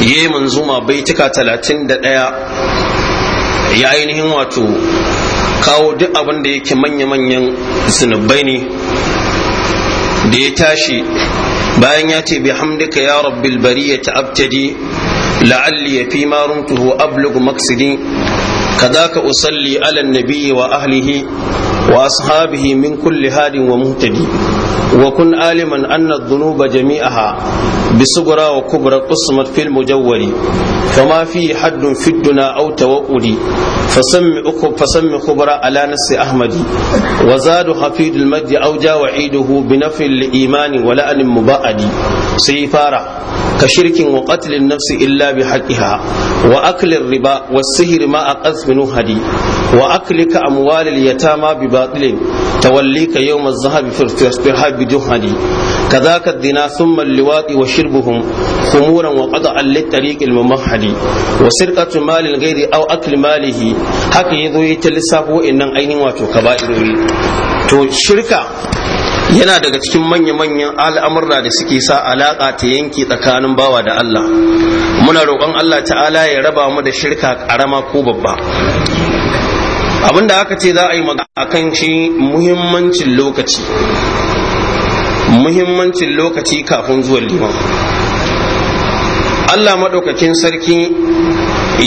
baitika manzuma baituka ɗaya ya ainihin wato kawo duk abin da yake manya-manyan zunubai ne da ya tashi bayan ya ce bi hamdika ya rabbil ya ta abtadi la'alli ya fi marumtuhu ablugu maksidi ka usalli ala nabiyyi wa ahlihi wa ashabihi min kulli hadin wa muhtadi وكن عالما أن الذنوب جميعها بصغرى وكبرى قسمت في المجول فما في حد في الدنا أو توؤد فسم فسم خبرى على نس أحمد وزاد حفيد المجد أو جا وعيده بنفي الإيمان ولأن مباعد سيفارة كشرك وقتل النفس إلا بحقها وأكل الربا والسهر ما أقذف منه هدي وأكلك أموال اليتامى بباطل توليك يوم الذهب في الرحاب بجحدي كذاك الدنا ثم اللواط وشربهم خمورا وقطعا للطريق الممحد وسرقة مال الغير أو أكل ماله حق يذوي تلسافه إن أين واتو كبائر تو شركة yana daga cikin manya-manyan al'amurra da suke sa alaƙa ta yanki tsakanin bawa da Allah muna roƙon Allah ta'ala ya raba mu da shirka ƙarama ko babba abinda aka ce za a yi magana akan shi muhimmancin lokaci muhimmancin lokaci kafin zuwan liman Allah maɗaukakin sarki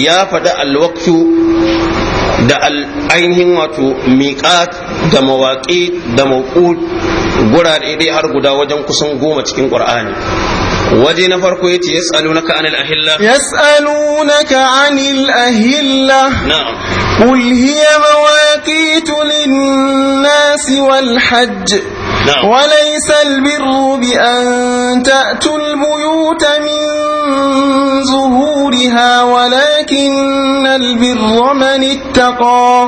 ya faɗi alwaktu da ainihin wato miƙat da mawaƙi da mawƙud gurare ɗaya har guda wajen kusan goma cikin ƙur'ani وجي نفر كويتي يسألونك عن الأهلة يسألونك عن الأهلة نعم قل هي مواقيت للناس والحج نعم وليس البر بأن تأتوا البيوت من ظهورها ولكن البر من اتقى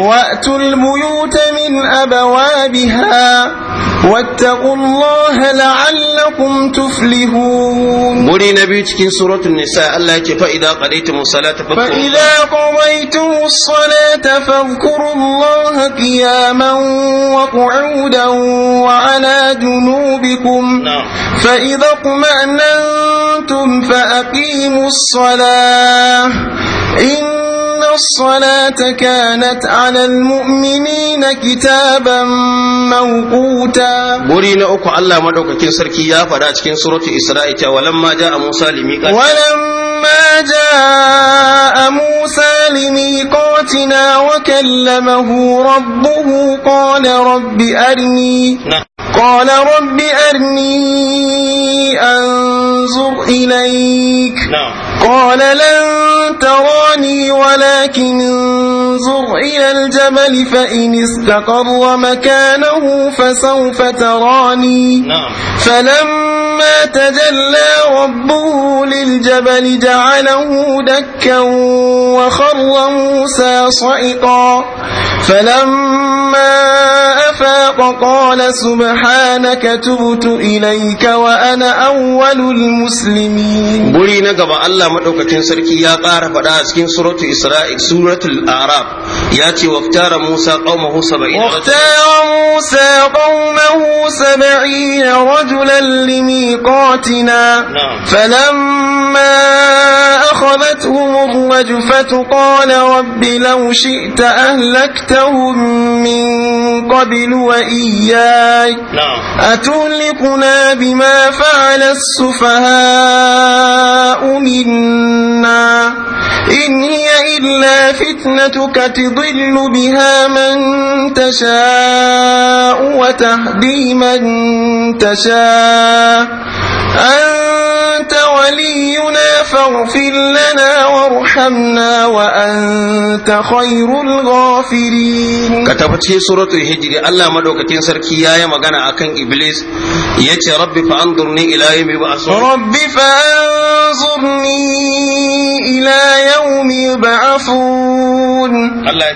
واتوا البيوت من أبوابها واتقوا الله لعلكم تفلحون بني نبي تكين سورة النساء الله يكي فإذا قضيتم الصلاة فاذكروا فإذا قضيتم الصلاة فاذكروا الله قياما وقعودا وعلى جنوبكم نعم. فإذا اطمأنتم منكم فأقيموا الصلاة إن الصلاة كانت على المؤمنين كتابا موقوتا برين أكو الله مدوك كين سركي يا فرات كين سورة إسرائيل ولما جاء موسى لميقات ولما جاء موسى لميقاتنا وكلمه ربه قال رب أرني نعم قال رب أرني أنظر إليك نعم. قال لن تراني ولكن انظر إلى الجبل فإن استقر مكانه فسوف تراني نعم. فلما تجلى ربه للجبل جعله دكا وخر موسى صعقا فلما أفاق قال سبحانه سبحانك تبت إليك وأنا أول المسلمين برينا قبا الله مدوكة سركي يا قارة فداسكين سورة إسرائيل سورة الأعراب ياتي واختار موسى قومه سبعين واختار موسى قومه سبعين رجلا لميقاتنا نعم. فلما أخذتهم الرجفة قال رب لو شئت أهلكتهم من قبل وإياك نعم. أتهلكنا بما فعل السفهاء منا إن هي إلا فتنتك تضل بها من تشاء وتهدي من تشاء أنت ولينا فاغفر لنا وارحمنا وأنت خير الغافرين كتبتي سورة الهجر الله مدوك تنسر كي يا مغانا أكن إبليس يتي ربي فأنظرني إلى يوم يبعثون ربي فأنظرني إلى يوم يبعثون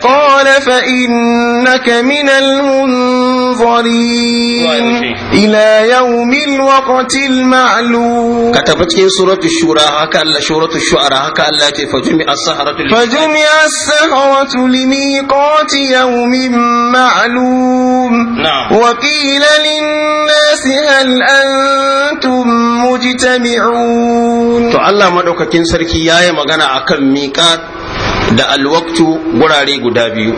قال فإنك من المنظرين إلى يوم الوقت المعلوم كتبتي سورة suratu shura haka Allah suratu shu'ara haka Allah ya ce fajumi as-saharatu fajumi as-saharatu limiqati yawmin ma'lum wa qila lin-nas hal antum mujtami'un to Allah madaukakin sarki yayi magana akan miqat da al-waqtu gurare guda biyu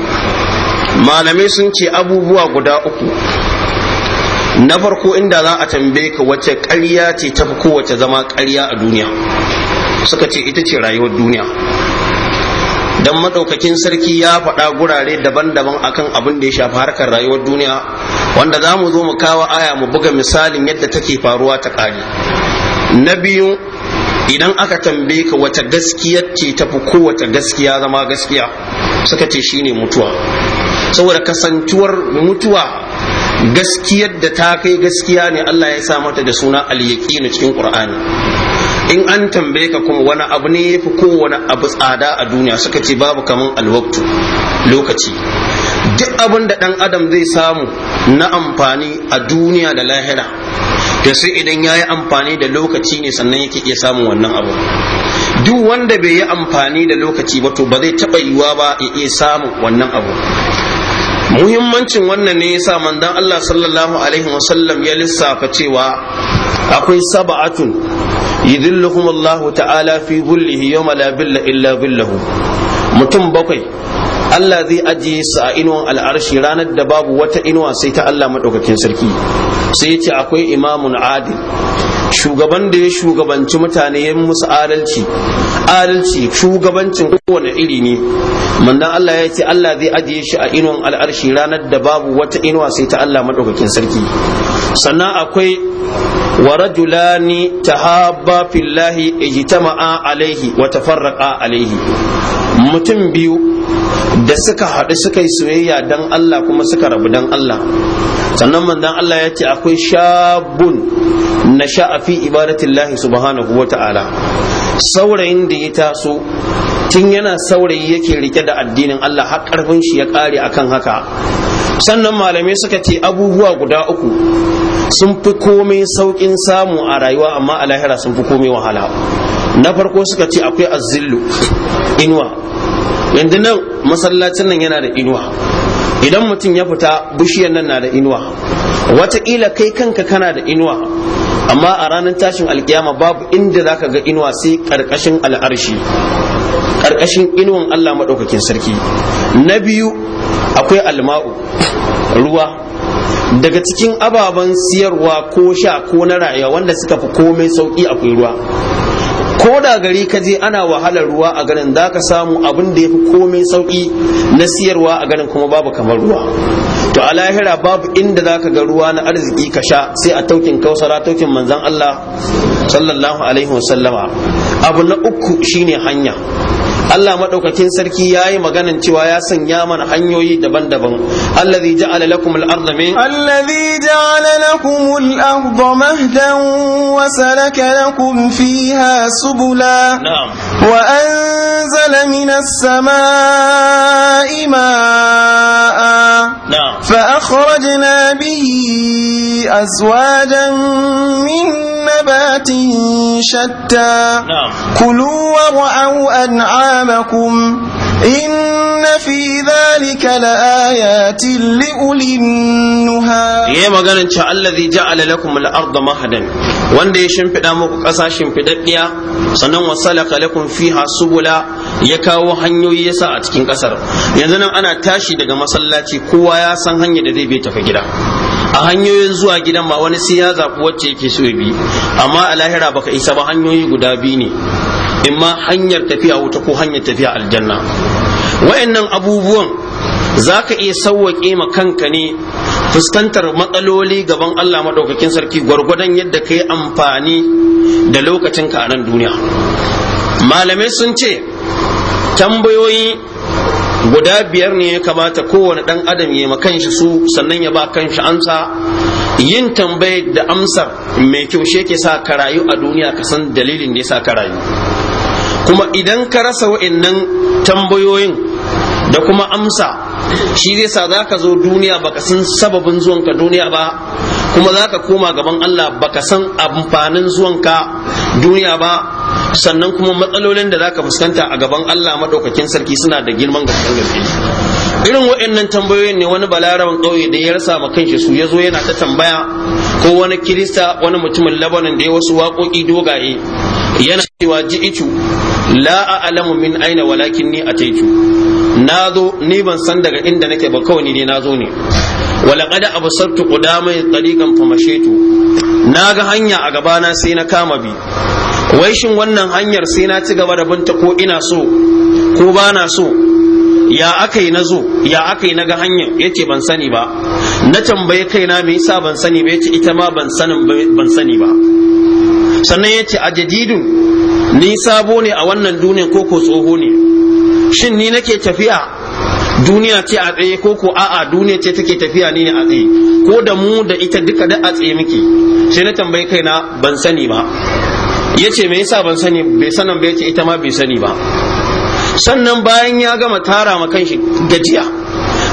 malamai sun ce abubuwa guda uku na farko inda za a tambaye ka wace ƙarya ce ta fi kowace zama ƙarya a duniya suka ce ita ce rayuwar duniya Don madaukakin sarki ya faɗa gurare daban-daban akan abin da ya shafi harkar rayuwar duniya wanda za mu zo mu kawo aya mu buga misalin yadda take faruwa ta ƙari na biyu idan aka tambaye ka wata gaskiya ce ta fi kowace gaskiya zama gaskiya suka ce shine mutuwa saboda kasantuwar mutuwa gaskiyar da ta kai gaskiya ne Allah ya sa mata da suna al-yaqin cikin Qur'ani in an tambaye ka kuma wani abu ne yafi kowane abu tsada a duniya suka ce babu kaman alwaktu lokaci duk abin da dan adam zai samu na amfani a duniya da lahira da sai idan ya yi amfani da lokaci ne sannan yake iya samun wannan abu duk wanda bai yi amfani da lokaci ba to ba zai taɓa yiwuwa ba ya iya samun wannan abu muhimmancin wannan ne yasa manzon Allah sallallahu alaihi wasallam ya lissafa cewa akwai sab'atun yidhilluhum Allah ta'ala fi dhillihi yawma la dhilla illa mutum bakwai Allah zai ajiye su a inuwan al'arshi ranar da babu wata inuwa sai ta Allah madaukakin sarki sai ya ce akwai imamun adil shugaban da ya shugabanci mutane ya musu adalci adalci shugabancin kowane iri ne mandan Allah ya ce Allah zai ajiye shi a inuwan al'arshi ranar da babu wata inuwa sai ta Allah madaukakin sarki sannan akwai wa rajulani tahabba fillahi ijtama'a alaihi wa tafarraqa alaihi mutum biyu da suka haɗu suka yi soyayya dan Allah kuma suka rabu dan Allah sannan manzon Allah ya ce akwai shabun na sha'afi ibadatillahi subhanahu wata'ala saurayin da ya taso tun yana saurayi yake rike da addinin Allah har karfin shi ya kare akan haka sannan malamai suka ce abubuwa guda uku sun fi komai saukin samu a rayuwa amma a lahira sun fi komai wahala na farko suka ce akwai azillu inuwa yanzu nan masallacin nan yana da inuwa idan mutum ya fita bishiyar nan na da inuwa wataƙila kai kanka kana da inuwa amma a ranar tashin alkiyama babu inda za ka ga inuwa sai ƙarƙashin al'arshi ƙarƙashin inuwan allah maɗaukakin sarki na biyu akwai alma'u ruwa daga cikin ababen siyarwa ko sha ko na rayuwa wanda suka fi komai sauƙi akwai ruwa ko da gari ka je ana wahalar ruwa a ganin za ka samu abin da ya fi komai sauƙi na siyarwa a ganin kuma babu kamar ruwa to a lahira babu inda za ka ga ruwa na arziki ka sha sai a taukin kausara taukin manzan Allah sallallahu alaihi wasallama abu na uku shine hanya Allah maɗaukakin sarki ya yi maganin cewa ya sanya mana hanyoyi daban-daban Allah ja'ala lakum al-ardha min allazi ja'ala lakum al-ardha mahdan wa salaka lakum fiha subula na'am wa anzala minas samaa'i ma'a na'am fa akhrajna bihi azwajan min nabatin shatta na'am kulu wa ra'u أمامكم إن في ذلك لآيات لأولي النهى يا مغانا الذي جعل لكم الأرض مهدا wanda ya shimfiɗa muku ƙasa shimfiɗaɗɗiya sannan wasalaka lakum fiha subula ya kawo hanyoyi ya sa a cikin ƙasar yanzu nan ana tashi daga masallaci kowa ya san hanyar da zai bai tafi gida a hanyoyin zuwa gidan ma wani sai ya wacce yake so ya bi amma a lahira baka isa ba hanyoyi guda biyu ne imma hanyar tafiya wuta ko hanyar tafiya aljanna wa'annan abubuwan za ka iya sauwaƙe ma kanka ne fuskantar matsaloli gaban Allah maɗaukakin sarki gwargwadon yadda ka yi amfani da lokacinka a nan duniya malamai sun ce tambayoyi guda biyar ne ya kamata kowane ɗan adam ya ma kanshi su sannan ya ba kanshi ansa yin tambayi da amsar mai kyau shi ke sa ka rayu a duniya ka san dalilin da ya sa ka rayu kuma idan ka rasa wa'annan tambayoyin da kuma amsa shi zai sa za ka zo duniya baka san sababin zuwanka duniya ba kuma za ka koma gaban Allah baka san amfanin zuwanka duniya ba sannan kuma matsalolin da za ka fuskanta a gaban Allah maɗaukakin sarki suna da girman ga gaske irin waɗannan tambayoyin ne wani balaraban ƙauye da ya rasa ma kanshi su ya zo yana ta tambaya ko wani kirista wani mutumin labanin da ya wasu waƙoƙi dogaye yana cewa ji'itu la a'lamu min aina walakin ni ataitu na zo ni ban san daga inda nake ba kawai ni nazo na zo ne walaƙada abu sartu ƙudamai tsariƙan famashetu na ga hanya a gabana sai na kama bi wai shin wannan hanyar sai na ci gaba da binta ko ina so ko ba na so ya aka yi na zo ya aka yi na ga hanyar ya ban sani ba na tambaye kaina me yasa ban sani ba ya ita ma ban sani ba sannan ya ce a jadidun ni sabo ne a wannan duniya ko ko tsoho ne shin ni nake tafiya duniya ce a tsaye ko ko a'a duniya ce take tafiya ni ne a tsaye ko da mu da ita duka da a tsaye muke sai na tambayi kaina ban sani ba yace me yasa ban sani bai sanan ba yace ita ma bai sani ba sannan bayan ya gama tara ma kanshi gajiya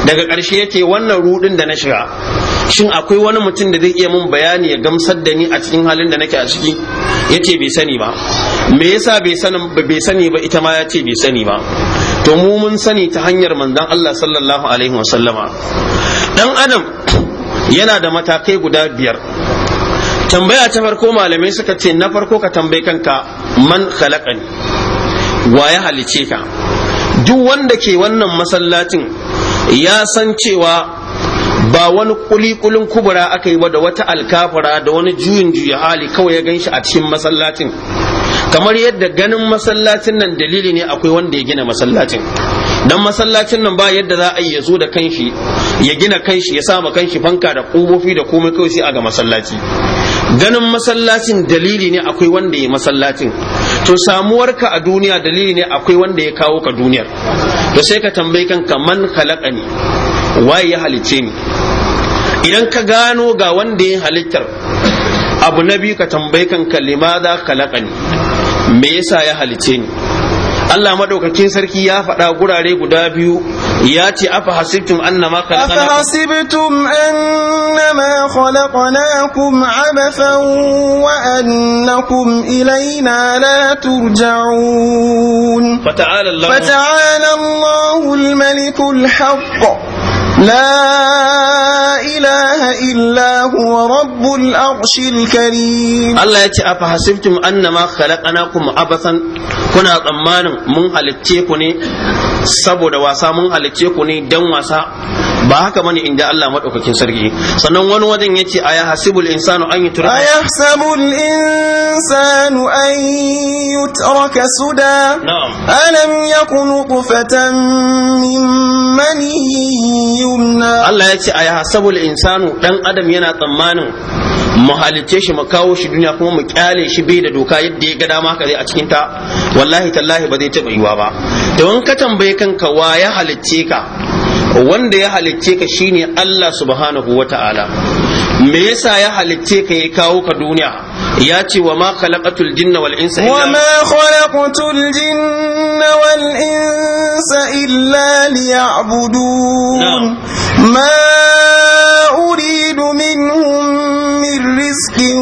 daga ƙarshe yace wannan rudin da na shiga shin akwai wani mutum da zai iya mun bayani ya gamsar da ni a cikin halin da nake a ciki yace bai sani ba me yasa bai sani ba ita ma yace bai sani ba to mu mun sani ta hanyar manzon Allah sallallahu alaihi sallama dan adam yana da matakai guda biyar tambaya ta farko malamai suka ce na farko ka tambayi kanka man khalaqani wa ya halice ka duk wanda ke wannan masallacin ya san cewa ba wani kulikulin kubura aka yi ba da wata alkafara da wani juyin juya hali kawai ya ganshi a cikin masallacin kamar yadda ganin masallacin nan dalili ne akwai wanda ya gina masallacin dan masallacin nan ba yadda za a yi ya zo da kanshi ya gina kanshi ya sama kanshi fanka da kofofi da komai kawai sai a ga masallaci ganin masallacin dalili ne akwai wanda ya masallacin to samuwar ka a duniya dalili ne akwai wanda ya kawo ka duniyar to sai ka tambayi kanka man khalaqani waye ya halicce ni idan ka gano ga wanda ya halittar abu na biyu ka tambayi za limadha khalaqani me yasa ya halice ni Allah madaukakin sarki ya faɗa gurare guda biyu ya ce afa hasibtum annama khalaqnakum afa hasibtum annama khalaqnakum abathan wa annakum ilayna la turja'un fata'ala Allah fata'ala Allahul malikul haqq لا إله إلا هو رب الأرش الكريم الله يتي أفحسبتم أنما خلقناكم عبثا كنا ضمان من هلتيكني سبو دواسا من halicce دواسا ba haka bane inda Allah madaukakin sarki sannan wani wajen yace aya hasibul insanu an yutraka aya hasibul insanu an yutraka suda alam yakunu qufatan min mani yumna Allah yace aya hasibul insanu dan adam yana tsammanin mu halicce shi mu kawo shi duniya kuma mu kyale shi bai da doka yadda ya ga dama haka zai a cikin ta wallahi tallahi ba zai taba yiwa ba to in ka tambaye kanka wa ya halicce ka wanda ya halicce ka shine Allah subhanahu wata'ala me yasa ya halicce ka ya kawo ka duniya ya ce wa ma khalaqatul jinna wal insa illa wa ma khalaqatul jinna wal insa illa liya'budun ma uridu minhum min rizqin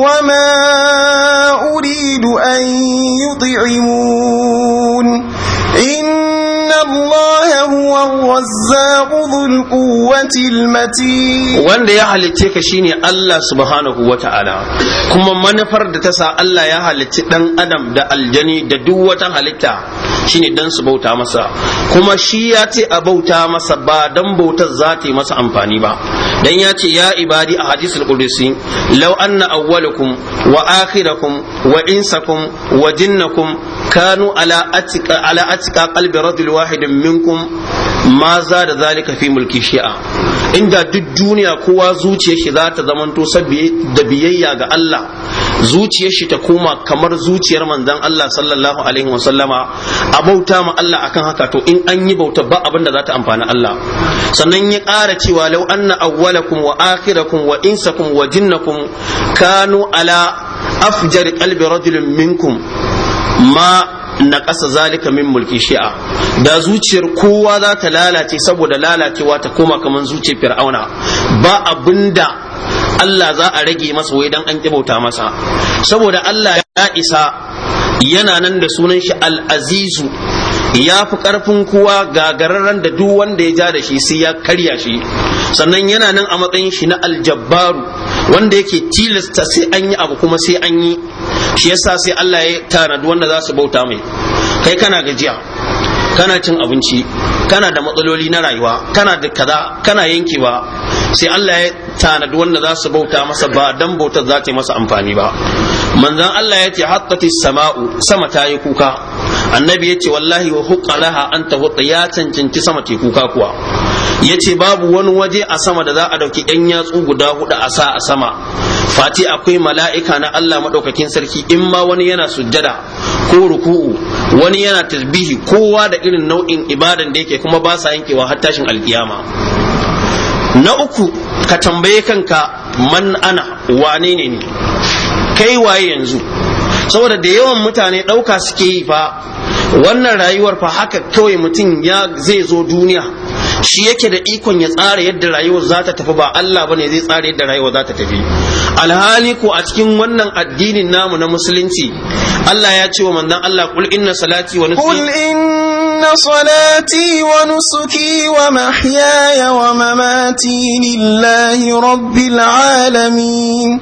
wa ma uridu an yut'imun الله هو wanda ya halicce ka shine Allah subhanahu wataala kuma manufar da ta sa Allah ya halicci dan adam da aljanu da duk wata halitta shine dan su bauta masa kuma shi ya ce a bauta masa ba dan bautar zata yi masa amfani ba dan ya ce ya ibadi a hadisul qudsi law anna awwalakum wa akhirakum wa insakum wa jinnakum kanu ala atika ala atika qalbi wahidin minkum ma da zalika fi mulki shi'a inda duk duniya kowa zuciyar shi za ta zamanto da biyayya ga Allah zuciyar shi ta koma kamar zuciyar manzon Allah sallallahu alaihi a bauta ma Allah akan haka to in an yi bauta ba abin da za ta amfana Allah sannan ya ƙara cewa law anna awwalakum wa akhirakum wa insakum wa jinnakum kanu ala afjar qalbi rajulin minkum ma na ƙasa zalika min mulki shi'a da zuciyar kowa za ta lalace saboda lalacewa ta koma kamar zuciyar fir'auna ba abinda Allah za a rage masa wai dan an kibauta masa saboda Allah ya isa yana nan da sunan shi al-azizu ya fi karfin kowa gagararren da duk wanda ya ja da shi sai ya karya shi sannan yana nan a matsayin shi na aljabbaru wanda yake tilasta sai an yi abu kuma sai an yi shi yasa sai Allah ya tanadi wanda za su bauta mai kai kana gajiya kana cin abinci kana da matsaloli na rayuwa kana da kaza kana yankewa sai Allah ya tanadu wanda za su bauta masa ba dan bautar za ta yi masa amfani ba manzon Allah ya ce haqqatis sama'u sama ta yi kuka annabi ya ce wallahi wa huqqalaha an tahutta ya cancanci sama ta kuka kuwa ya ce babu wani waje a sama da za a ɗauki 'yan yatsu guda hudu a sa a sama fati akwai mala'ika na Allah maɗaukakin sarki in ma wani yana sujjada ko ruku'u wani yana tasbihi kowa da irin nau'in ibadan da yake kuma ba sa yankewa har tashin alkiyama na uku ka tambaye kanka man ana wane ne ne kai waye yanzu saboda da yawan mutane ɗauka suke yi fa wannan rayuwar fa haka kawai mutum ya zai zo duniya shi yake da ikon ya tsara yadda rayuwar za ta tafi ba Allah bane zai tsara yadda rayuwar za ta tafi alhali ko a cikin wannan addinin namu na musulunci Allah ya ce wa manzon Allah kul inna salati wa nusuki kul inna salati wa nusuki wa mahyaya wa mamati lillahi rabbil alamin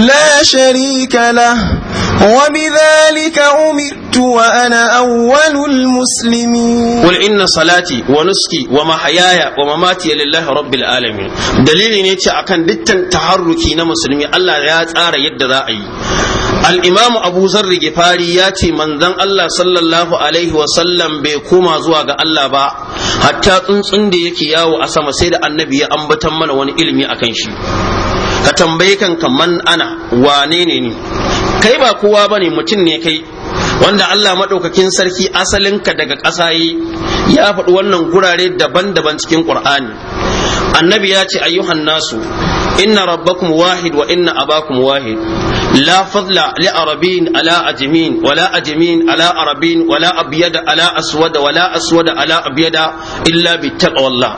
la sharika la. wa bidhalika umirtu wa ana awwalul muslimin kul inna salati wa nusuki wa mahyaya wa mamati lillahi rabbil alamin dalili ne ce akan dukkan taharruki na musulmi komai Allah ya tsara yadda za a yi al'imamu abu zarri gifari ya ce manzan Allah sallallahu alaihi wasallam bai koma zuwa ga Allah ba hatta tsuntsun da yake yawo a sama sai da annabi ya ambatan mana wani ilimi a kan shi ka tambayi kanka man ana wane ne ni kai ba kowa ba ne mutum ne kai wanda Allah maɗaukakin sarki asalinka daga ƙasa ya faɗi wannan gurare daban-daban cikin ƙur'ani annabi ya ce ayyuhan nasu inna rabbakum wahid wa inna abakum wahid la fadla li arabin ala ajmin wa la ajmin ala arabin wa la abyada ala aswada wa la aswada ala abyada illa bi taqwallah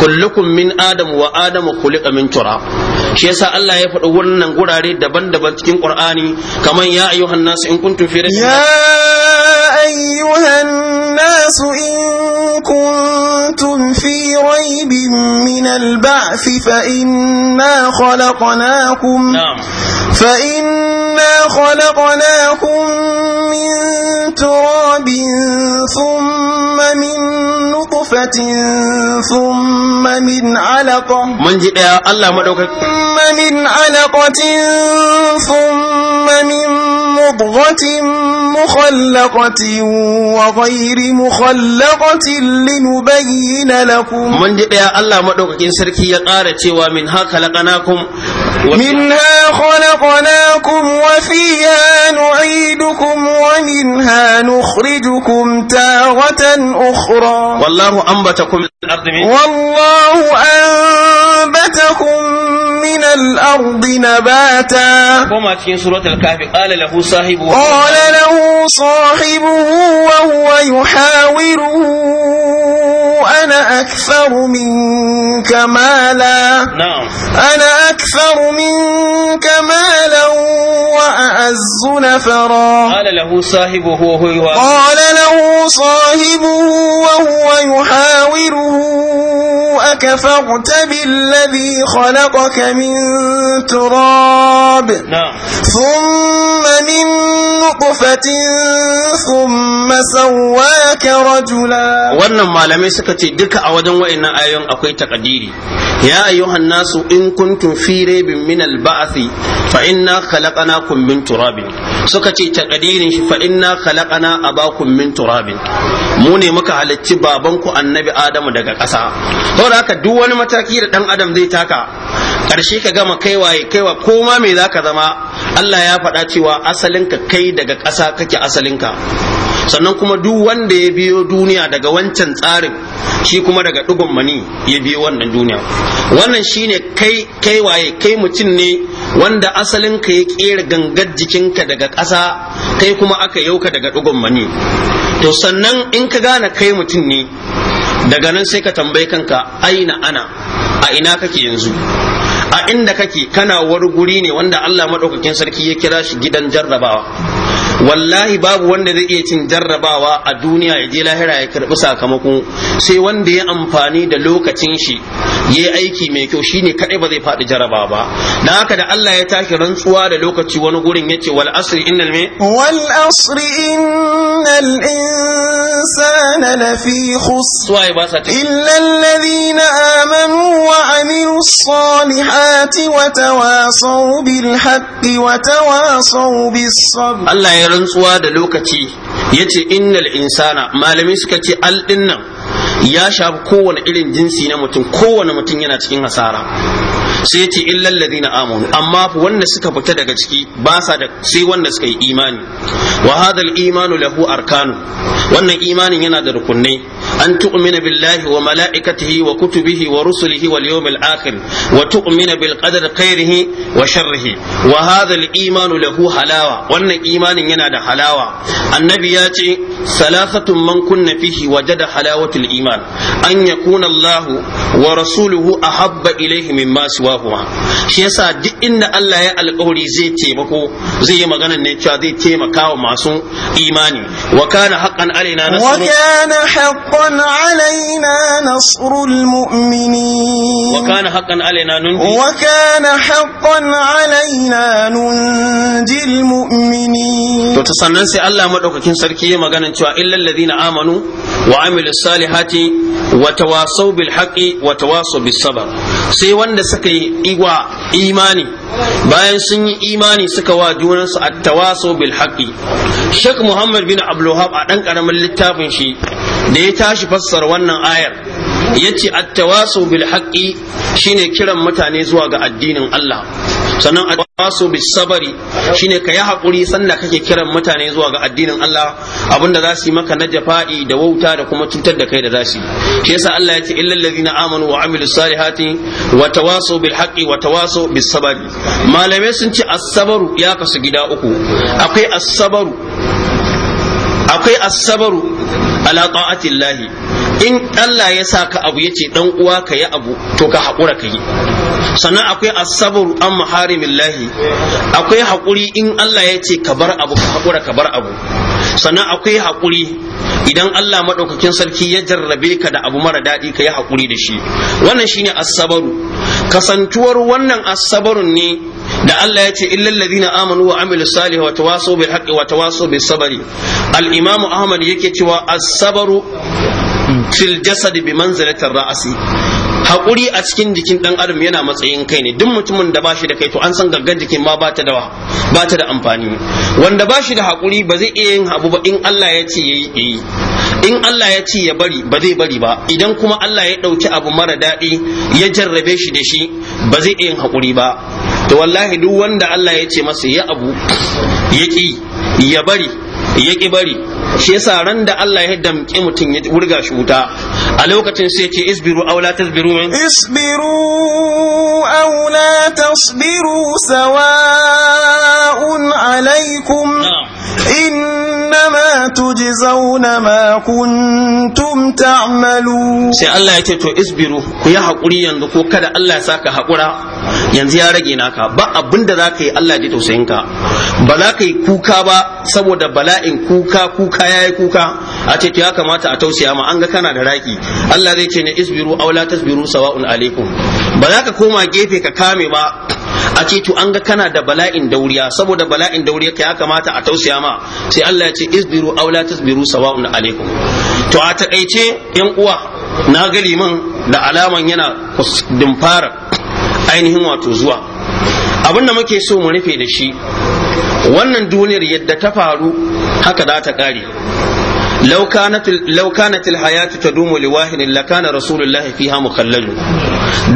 kullukum min adam wa adamu khuliqa min tura. shi yasa Allah ya faɗi wannan gurare daban-daban cikin Qur'ani kamar ya ayyuhan nas in kuntum fi ya ayyuhan nas in kuntum fi raybin min al-ba'th fa inna khalaqnakum fa inna أنا خلقناكم من تراب ثم من نطفة ثم من علقة من جئ الله مدوكك ثم من علقة ثم من مضغة مخلقة وغير مخلقة لنبين لكم من جئ الله مدوكك إن سركي يقارتي ومنها خلقناكم منها خلقناكم وفيها نعيدكم ومنها نخرجكم تارة أخرى والله أنبتكم من الأرض من والله أنبتكم من الأرض نباتا وما في سورة الكهف قال له صاحبه قال له صاحبه وهو يحاوره أنا أكثر منك مالا نعم أنا أكثر منك مالا وأعز نفرا قال له صاحبه وهو قال له صاحبه وهو يحاوره أكفرت بالذي خلقك من تراب نعم. ثم من نطفة ثم سواك رجلا wannan malamai suka ce duka a wajen wa'annan ayoyin akwai takadiri ya ayyuhan nasu in kuntum fi raibin min al-ba'thi fa inna khalaqnakum abakum min turabin suka ce takadirin shi fa inna khalaqana abakum min turabin mu ne muka halacci babanku annabi adamu daga ƙasa da haka duk wani mataki da dan adam zai taka karshe ka gama kaiwa kaiwa ko ma me zaka zama Allah ya faɗa cewa asalinka kai daga ƙasa kake asalinka sannan kuma duk wanda ya biyo duniya daga wancan tsarin shi kuma daga ɗigon mani ya biyo wannan duniya wannan shine kai kai kai mutum ne wanda asalin ka ya kera gangar jikinka daga ƙasa kai kuma aka yauka daga ɗugun mani to sannan in ka gane kai mutum ne daga nan sai ka tambayi kanka aina ana a ina kake yanzu a inda kake kana wani guri ne wanda Allah maɗaukakin sarki ya kira shi gidan jarrabawa wallahi babu wanda zai iya cin jarrabawa a duniya ya je lahira ya karbi sakamako sai wanda ya amfani da lokacin shi ya yi aiki mai kyau shine kadai ba zai faɗi jarraba ba dan haka da Allah ya tashi rantsuwa da lokaci wani gurin ce wal asri innal me wal asri innal insana lafi khusr ba sa illa alladhina amanu wa amilu salihati wa tawasaw bil haqqi wa tawasaw bis sabr Allah ya rantsuwa da lokaci ya ce innal insana malami suka ce al nan ya shafi kowane irin jinsi na mutum kowane mutum yana cikin hasara sai ya illal ladina amanu amma wanda suka fita daga ciki ba sa da sai wanda suka yi imani wa hadal imanu lahu arkanu wannan imanin yana da rukunai an tu'mina billahi wa mala'ikatihi wa kutubihi wa rusulihi wal yawmil akhir wa tu'mina bil qadar khairihi wa sharrihi wa hadal imanu lahu halawa wannan imanin yana da halawa annabi ya ce salasatun man kunna fihi wajada halawatul iman an yakuna Allahu wa rasuluhu ahabba ilayhi mimma siwa kuma shi yasa duk inda Allah ya alƙawari zai taimako zai yi maganar ne cewa zai taimaka wa masu imani wa kana haqqan alaina nasru wa kana haqqan alaina nasrul mu'minin wa kana haqqan alaina nunji. wa kana haqqan alaina nunjil mu'minin to ta sannan sai Allah madaukakin sarki ya maganar cewa illal ladina amanu wa amilus salihati wa tawasaw bil haqqi wa tawasaw bis sabr sai wanda suka yi iwa imani bayan sun yi imani suka wa junansu attawasu bil haqqi shek Muhammad bin Abdul a ɗan ƙaramin littafin shi da ya tashi fassara wannan ayar ya yace attawasu bil haqqi shine kiran mutane zuwa ga addinin Allah sannan a tawaso bis sabari shine ka yi hakuri sanda kake kiran mutane zuwa ga addinin Allah abinda za su yi maka na jafa'i da wauta da kuma cutar da kai da za su shi yasa Allah ya ce illal ladina amanu wa amilus salihati wa tawaso bil haqqi wa tawaso bis sabari malamai sun ce as ya kasu gida uku akwai asabaru sabaru akwai as ala ta'atillahi in Allah ya sa ka abu yace dan uwa ka yi abu to ka haƙura ka yi sannan akwai asabar an maharimin akwai haƙuri in Allah ya ce ka bar abu ka haƙura ka bar abu sannan akwai haƙuri idan Allah maɗaukakin sarki ya jarrabe ka da abu mara daɗi ka yi haƙuri da shi wannan shine asabaru kasantuwar wannan asabarun ne da Allah ya ce illal ladina amanu wa amilu salih wa tawasaw bil haqqi wa tawasaw bis sabri al imam ahmad yake cewa as fil jasad bi manzilatir ra'si hakuri a cikin jikin dan adam yana matsayin kai ne duk mutumin da bashi da kai to an san gangan jikin ma ba ta da ba ta da amfani wanda bashi da hakuri ba zai iya yin abu ba in Allah ya ce yayi yayi in Allah ya ce ya bari ba zai bari ba idan kuma Allah ya dauki abu mara daɗi ya jarrabe shi da shi ba zai iya yin hakuri ba to wallahi duk wanda Allah ya ce masa ya abu ya ki ya bari ya ƙi bari shi yasa ran da Allah ya damƙi mutum ya wurga shi wuta a lokacin sai ce isbiru aw la tasbiru isbiru aw la tasbiru sawa'un alaikum in إنما تجزون ما كنتم تعملون سي الله يتي to isbiru ku yi haƙuri yanzu ko kada Allah ya saka haƙura yanzu ya rage naka ba abinda zaka yi Allah ji tausayin ka ba za ka yi kuka ba saboda bala'in kuka kuka yayi kuka a ce ya kamata a tausaya ma an ga kana da raki Allah zai ce ne isbiru aw la tasbiru sawa'un alaikum ba za ka koma gefe ka kame ba a ce to an ga kana da bala'in dauriya saboda bala'in dauriya ka ya kamata a tausaya ma sai Allah ya ce isbiru aw la tasbiru sawa'un alaikum to a takaice yan uwa na ga liman da alaman yana dimfara ainihin wato zuwa abin da muke so mu rufe da shi wannan duniyar yadda ta faru haka za ta kare لو كانت لو كانت الحياة تدوم لواحد لكان رسول الله فيها مخلد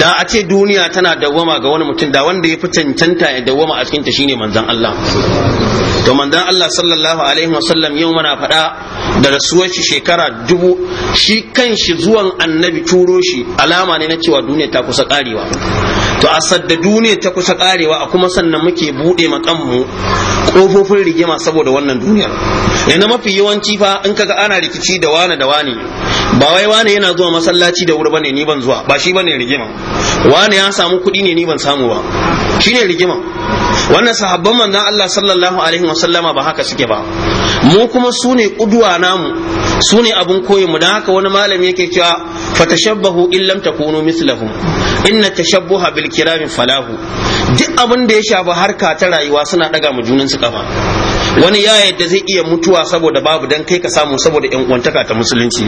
da a ce duniya tana dawwama ga wani mutum da wanda ya fi cancanta ya dawwama a cikinta ta shine manzon Allah to manzon Allah sallallahu alaihi wasallam yau mana faɗa da rasuwar shi shekara dubu shi kan shi zuwan annabi turo shi alama ne na cewa duniya ta kusa karewa to a sadda duniya ta kusa karewa a kuma sannan muke buɗe makanmu kofofin rigima saboda wannan duniya yana mafi yawanci fa in kaga ana rikici da wane da wane ba wai wane yana zuwa masallaci da wuri bane ni ban zuwa ba shi bane rigima wane ya samu kuɗi ne ni ban samu ba shine rigima wannan sahabban manzon Allah sallallahu alaihi wasallama ba haka suke ba mu kuma sune kuduwa namu su ne abun koyinmu don haka wani malami yake cewa fatashabbahu in lam takunu mislahum inna tashabbuha bil kiramin falahu duk abin da ya shafi harka ta rayuwa suna daga mu junan su kafa wani ya yadda zai iya mutuwa saboda babu dan kai ka samu saboda yan uwantaka ta musulunci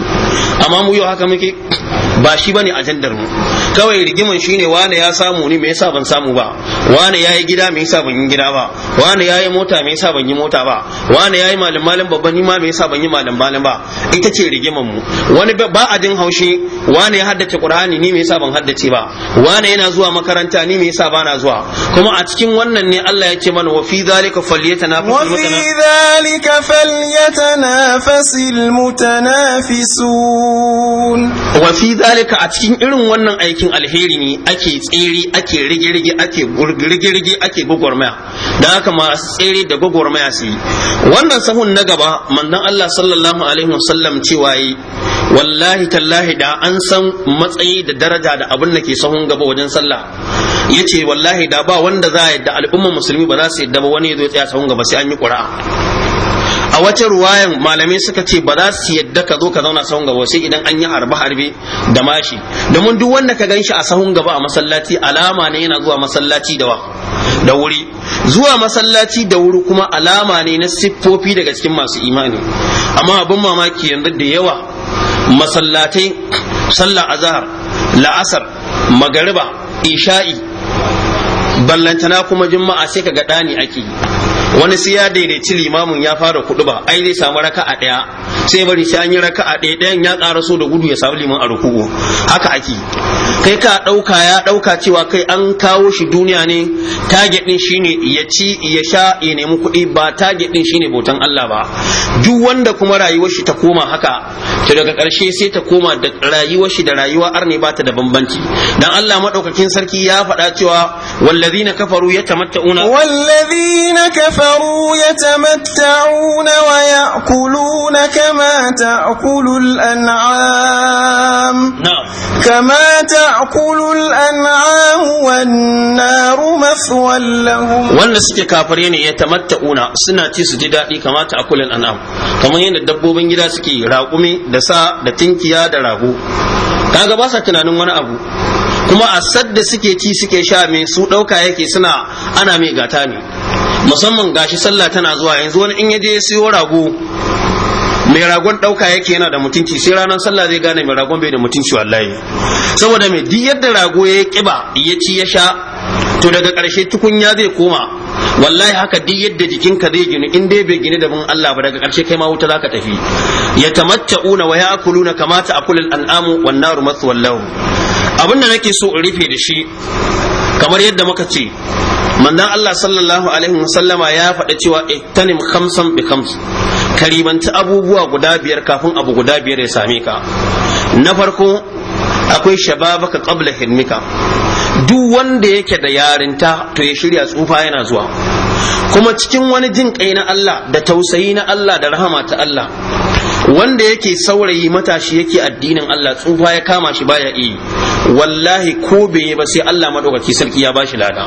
amma mu yau haka muke ba shi bane ajandar mu kawai rigiman shine wani ya samu ni me yasa ban samu ba wani ya yi gida me yasa ban yi gida ba wani ya yi mota me yasa ban yi mota ba wani ya yi malam malam babban ni ma me yasa ban yi malam malam ba ita ce rigiman mu wani ba a jin haushi wani ya haddace qur'ani ni me yasa ban haddace ba wani yana zuwa makaranta ni me yasa bana zuwa kuma a cikin wannan ne Allah ya ce mana wa fi zalika falyatanafasul ذلك فليتنافس المتنافسون وفي a cikin irin wannan aikin alheri ne ake tsere ake rige-rige ake rige-rige ake gwagwarmaya da haka masu tsere da gwagwarmaya su wannan sahun na gaba manzon Allah sallallahu alaihi wasallam cewa yi wallahi tallahi da an san matsayi da daraja da abin da ke sahun gaba wajen sallah yace wallahi da ba wanda za a yadda al'ummar musulmi ba za su yadda ba wani ya zo tsaya sahun gaba sai an yi ƙura'a a wata ruwayan malamai suka ce ba za su yadda ka zo ka zauna sahun gaba sai idan an yi harbe harbe da mashi domin duk wanda ka ganshi a sahun gaba a masallaci alama ne yana zuwa masallaci da da wuri zuwa masallaci da wuri kuma alama ne na siffofi daga cikin masu imani amma abin mamaki yanzu da yawa masallatai sallar azahar la'asar magariba isha'i ballantana kuma juma'a sai ka ga ɗani ake yi wani sai ya daidaici limamin ya fara kudu ba ai zai samu raka a daya sai bari sai an yi raka a daya dayan ya ƙara so da gudu ya samu liman a ruku'u haka ake kai ka ɗauka ya ɗauka cewa kai an kawo shi duniya ne target din shine ya ci ya sha ya nemi kuɗi ba target din shine bautan Allah ba duk wanda kuma rayuwar shi ta koma haka to daga ƙarshe sai ta koma da rayuwar shi da rayuwa arne ba ta da bambanci dan Allah madaukakin sarki ya faɗa cewa wallazina kafaru yatamatta'una wallazina kafaru كفروا يتمتعون ويأكلون كما تأكل الأنعام كما تأكل الأنعام والنار مثوى لهم وأن سكي كافرين يتمتعون سنة سجداء كما تأكل الأنعام كما هنا dabbobin gida suke raƙumi da sa da tinkiya da rago kaga ba sa tunanin wani abu kuma a sadda suke ci suke sha me su ɗauka yake suna ana mai gata ne musamman gashi sallah tana zuwa yanzu wani in yaje ya siyo rago mai ragon ɗauka yake yana da mutunci sai ranar sallah zai gane mai ragon bai da mutunci wallahi saboda mai duk yadda rago ya kiba ya ci ya sha to daga ƙarshe tukunya zai koma wallahi haka duk yadda jikinka zai ginu in dai bai gini da bin Allah ba daga ƙarshe kai ma wuta zaka tafi ya tamatta'una wa ya'kuluna kama ta'kulul an'amu wan naru maswallahu abin da nake so in rufe da shi kamar yadda muka ce manzon Allah sallallahu alaihi wasallama ya faɗi cewa ittanim khamsan bi khams ka abubuwa guda biyar kafin abu guda biyar ya same ka na farko akwai shababaka qabla hilmika duk wanda yake da yarinta to ya shirya tsufa yana zuwa kuma cikin wani jin kai na Allah da tausayi na Allah da rahama ta Allah wanda yake saurayi matashi yake addinin Allah tsufa ya kama shi baya iya wallahi ko bai ba sai Allah madaukaki sarki ya ba shi lada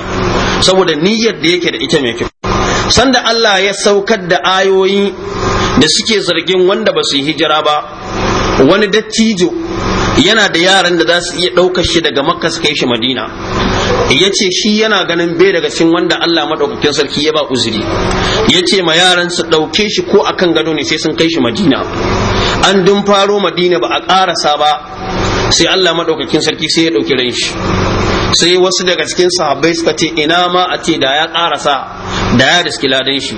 saboda niyyar da yake da ita mai kyau sanda Allah ya saukar da ayoyi da suke zargin wanda ba su yi hijira ba wani dattijo yana da yaran da za su iya ɗaukar shi daga makka su kai shi madina ya ce shi yana ganin bai daga cikin wanda Allah maɗaukakin sarki ya ba uzuri ya ce ma yaran su ɗauke shi ko akan gado ne sai sun kai shi madina an dun faro madina ba a ƙarasa ba sai Allah maɗaukakin sarki sai ya ɗauki ran shi sai wasu daga cikin sahabbai suka ce ina ma a ce da ya karasa da ya riski ladan shi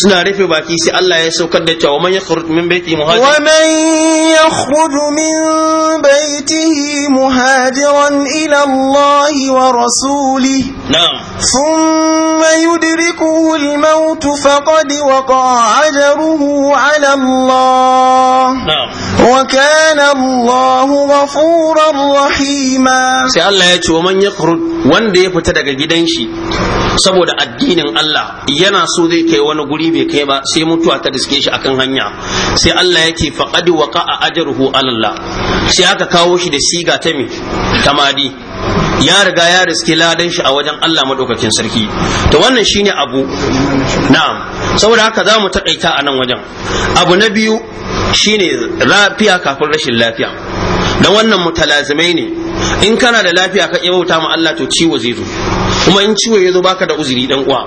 suna rufe baki sai Allah ya saukar da cewa man yakhruj min baiti muhajir wa man yakhruj min baitihi muhajiran ila Allah wa rasulihi نعم ثم يدركه الموت فقد وقع أجره على الله نعم وكان الله غفورا رحيما سي الله يتي ومن يخرج وند يفتا daga gidan shi saboda addinin Allah yana so zai kai wani guri bai kai ba sai mutuwa ta riske shi akan hanya sai Allah yake faqad waqa'a ajruhu ala Allah sai aka kawo shi da siga ta mi tamadi ya riga ya riske ladan shi a wajen Allah madaukakin sarki to wannan shine abu na'am saboda haka za mu taƙaita a nan wajen abu na biyu shine lafiya kafin rashin lafiya dan wannan mutalazimai ne in kana da lafiya ka iya bauta ma Allah to ciwo zai zo kuma in ciwo ya zo baka da uzuri dan uwa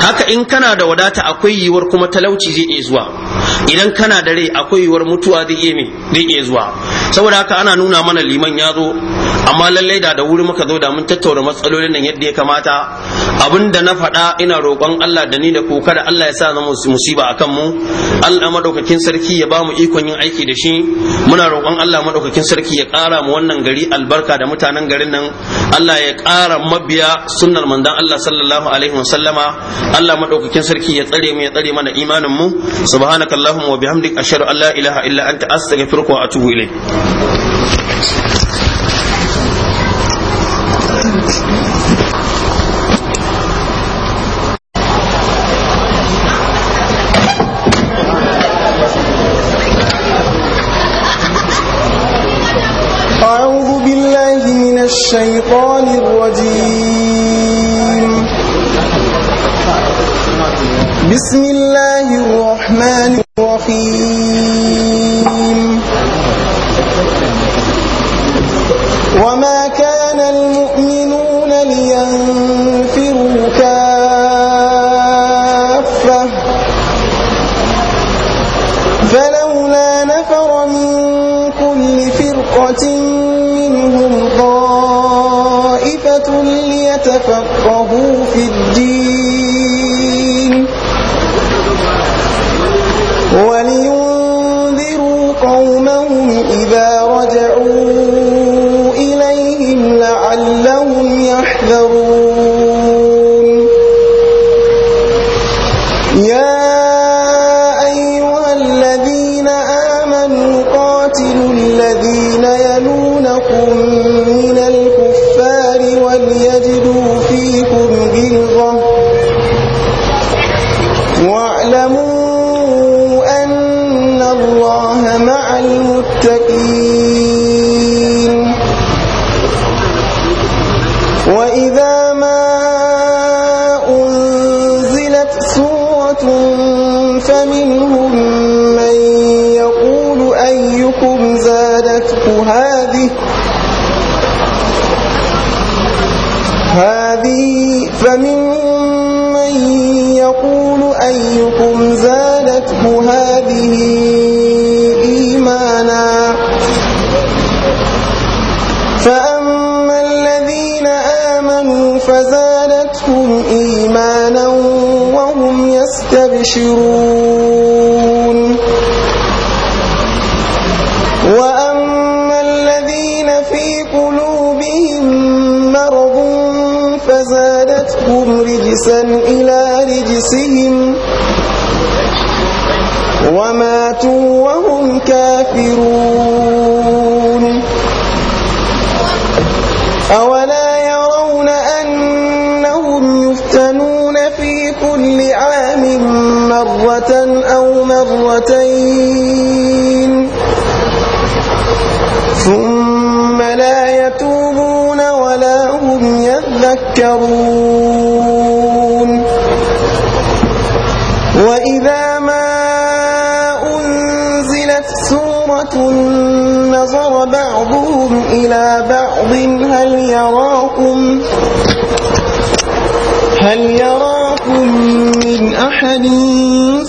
haka in kana da wadata akwai yiwuwar kuma talauci zai iya zuwa idan kana da rai akwai yiwuwar mutuwa zai iya zai iya zuwa saboda haka ana nuna mana liman ya zo amma lallai da da wuri muka zo da mun tattauna matsalolin nan yadda ya kamata abinda na faɗa ina roƙon Allah da ni da ku kada Allah ya sa zama musiba akan mu Allah madaukakin sarki ya ba mu ikon yin aiki da shi muna roƙon Allah madaukakin sarki ya ƙara mu wannan gari albarka da mutanen garin nan Allah ya ƙara mabiya sunnar manzon Allah sallallahu alaihi wasallama Allah madaukakin sarki ya tsare mu ya tsare mana imanin mu subhanakallahumma wa bihamdik ashhadu an la ilaha illa anta astaghfiruka wa atubu ilayk وما كان المؤمن يبشرون وأما الذين في قلوبهم مرض فزادتهم رجسا إلى رجسهم وماتوا وهم كافرون تذكرون وإذا ما أنزلت سورة نظر بعضهم إلى بعض هل يراكم هل يراكم من أحد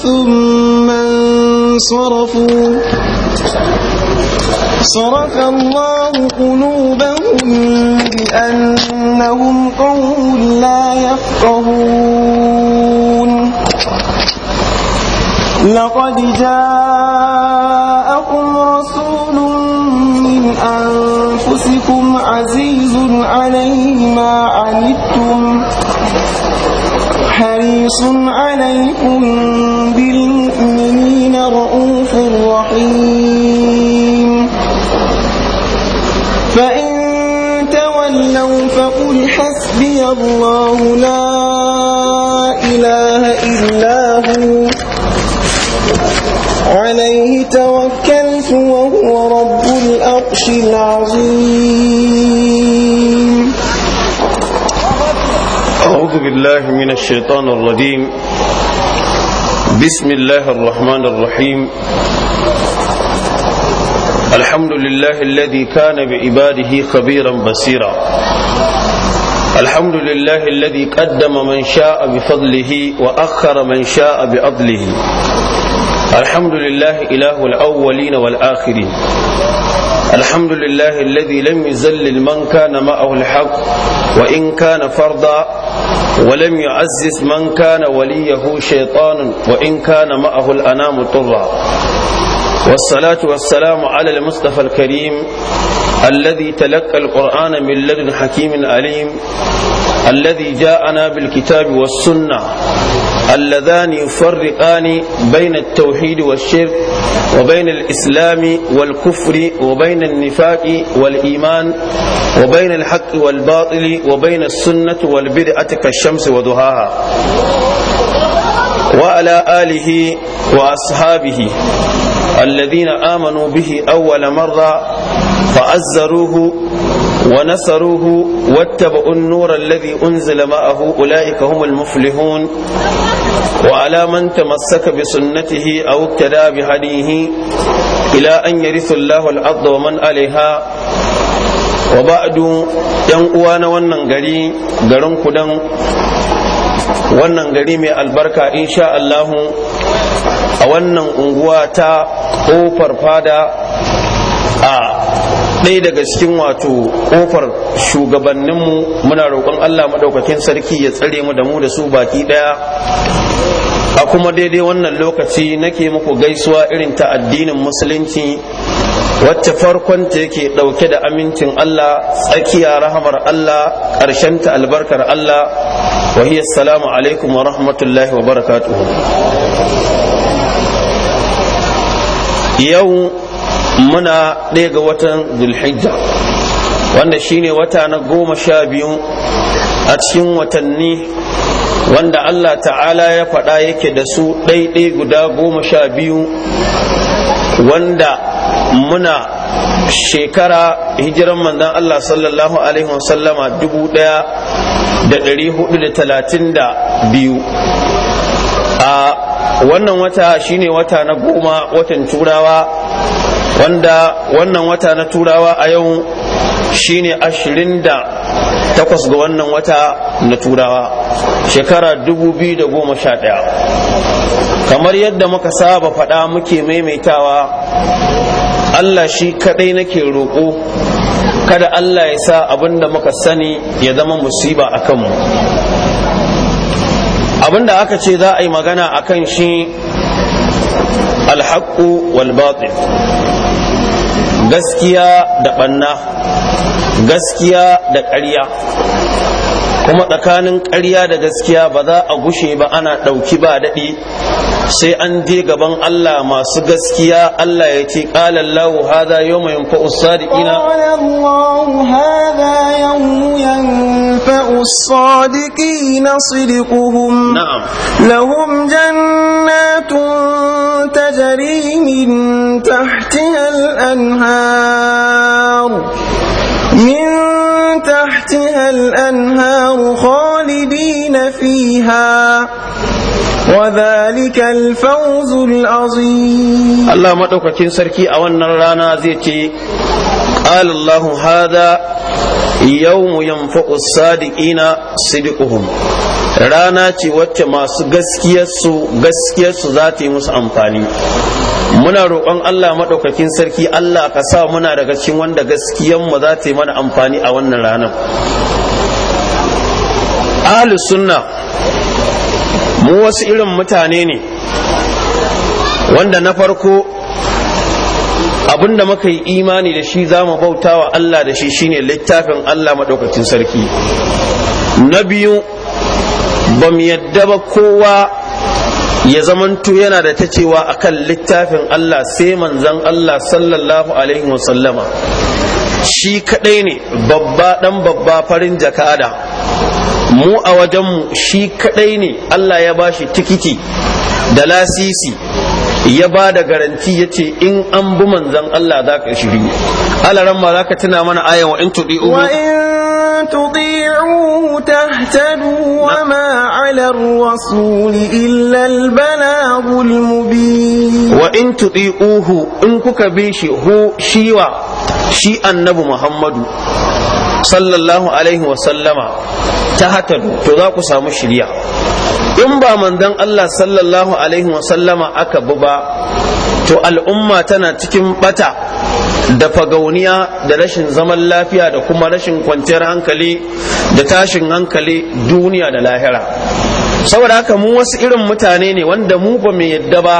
ثم انصرفوا صرف الله قلوبهم بأنهم قوم لا يفقهون لقد جاءكم رسول من أنفسكم عزيز عليه ما عنتم حريص عليكم بالمؤمنين رؤوف رحيم الله لا إله إلا هو عليه توكلت وهو رب الأرش العظيم أعوذ بالله من الشيطان الرجيم بسم الله الرحمن الرحيم الحمد لله الذي كان بعباده خبيرا بصيرا الحمد لله الذي قدم من شاء بفضله وأخر من شاء بأضله الحمد لله إله الأولين والآخرين الحمد لله الذي لم يزلل من كان معه الحق وإن كان فرضا ولم يعزز من كان وليه شيطان وإن كان معه الأنام طرا والصلاة والسلام على المصطفى الكريم الذي تلقى القرآن من لدن حكيم عليم الذي جاءنا بالكتاب والسنة اللذان يفرقان بين التوحيد والشرك وبين الإسلام والكفر وبين النفاق والإيمان وبين الحق والباطل وبين السنة والبدعة كالشمس وضحاها وعلى آله وأصحابه الذين آمنوا به أول مرة فأزروه ونصروه واتبعوا النور الذي أنزل معه أولئك هم المفلحون وعلى من تمسك بسنته أو اقتدى بهديه إلى أن يرث الله الأرض ومن عليها وبعد ينقوان وننقري قرن قدن wannan gari mai albarka in sha Allahu a wannan unguwa ta kofar fada a ɗaya daga cikin wato kofar shugabanninmu muna roƙon Allah maɗaukakin sarki ya tsare mu da mu da su baki ɗaya a kuma daidai wannan lokaci nake muku gaisuwa irin ta addinin musulunci wacce farkon ta yake ɗauke da amincin Allah tsakiya rahamar Allah ta albarkar Allah wa hiya salamu alaikum wa rahmatullahi wa barakatuhu yau muna ɗaya ga watan zulhijja wanda shine wata na goma sha biyu a cikin watanni wanda Allah ta'ala ya faɗa yake da su ɗaiɗai guda goma sha biyu wanda muna shekara hijiran manzon Allah sallallahu alaihi wasallama dubu daya da ɗari hudu da talatin da biyu a wannan wata shine wata na goma watan turawa wanda wannan wata na turawa a yau shine ashirin da takwas ga wannan wata na turawa shekara dubu biyu da goma sha ɗaya kamar yadda muka saba faɗa muke maimaitawa Allah shi kaɗai nake roƙo kada Allah ya sa abun da muka sani ya zama musiba a kanmu abun da aka ce za a yi magana a kan shi alhaƙu walbaɗin gaskiya da ɓanna gaskiya da ƙarya kuma tsakanin ƙarya da gaskiya ba za a gushe ba ana ɗauki ba daɗi sai an je gaban Allah masu gaskiya Allah ya ce qala Allahu hadha yawma yanfa'u sadiqina qala Allahu hadha yawmu yanfa'u sadiqina sidquhum na'am lahum jannatun tajri min tahtiha al-anhar min tahtiha al-anhar khalidina fiha وذلك الفوز العظيم الله ما دوكاكين سركي a wannan rana zai ce قال الله هذا يوم ينفع الصادقين صدقهم rana ce wacce masu gaskiyarsu gaskiyarsu za ta yi musu amfani muna roƙon Allah maɗaukakin sarki Allah ka sa muna daga cikin wanda gaskiyanmu za ta yi mana amfani a wannan ranar ahlus sunna mu wasu irin mutane ne wanda na farko abinda muka yi imani da shi za mu bauta wa Allah da shi shine littafin Allah maɗaukacin sarki na biyu ba mu yadda ba kowa ya zamanto yana da ta cewa kan littafin Allah sai manzan Allah sallallahu alaihi wasallama shi kaɗai ne babba ɗan babba farin jakada mu a wajenmu shi kadai ne Allah ya bashi tikiti da lasisi ya ba da garanti ya ce in an bi manzan Allah za ka shiri alaran ma za ka tuna mana aya wa in tuɗi'u wa in tuɗi'u tahtadu wa ma ala rasul illa al balagul wa in in kuka bi shi hu shiwa shi annabi muhammadu sallallahu alaihi wasallama ta hatadu to za ku samu shirya in ba manzon allah sallallahu alaihi wasallama aka bi ba to al'umma tana cikin bata da fagauniya da rashin zaman lafiya da kuma rashin kwanciyar hankali da tashin hankali duniya da lahira saboda haka mu wasu irin mutane ne wanda mu ba mai yadda ba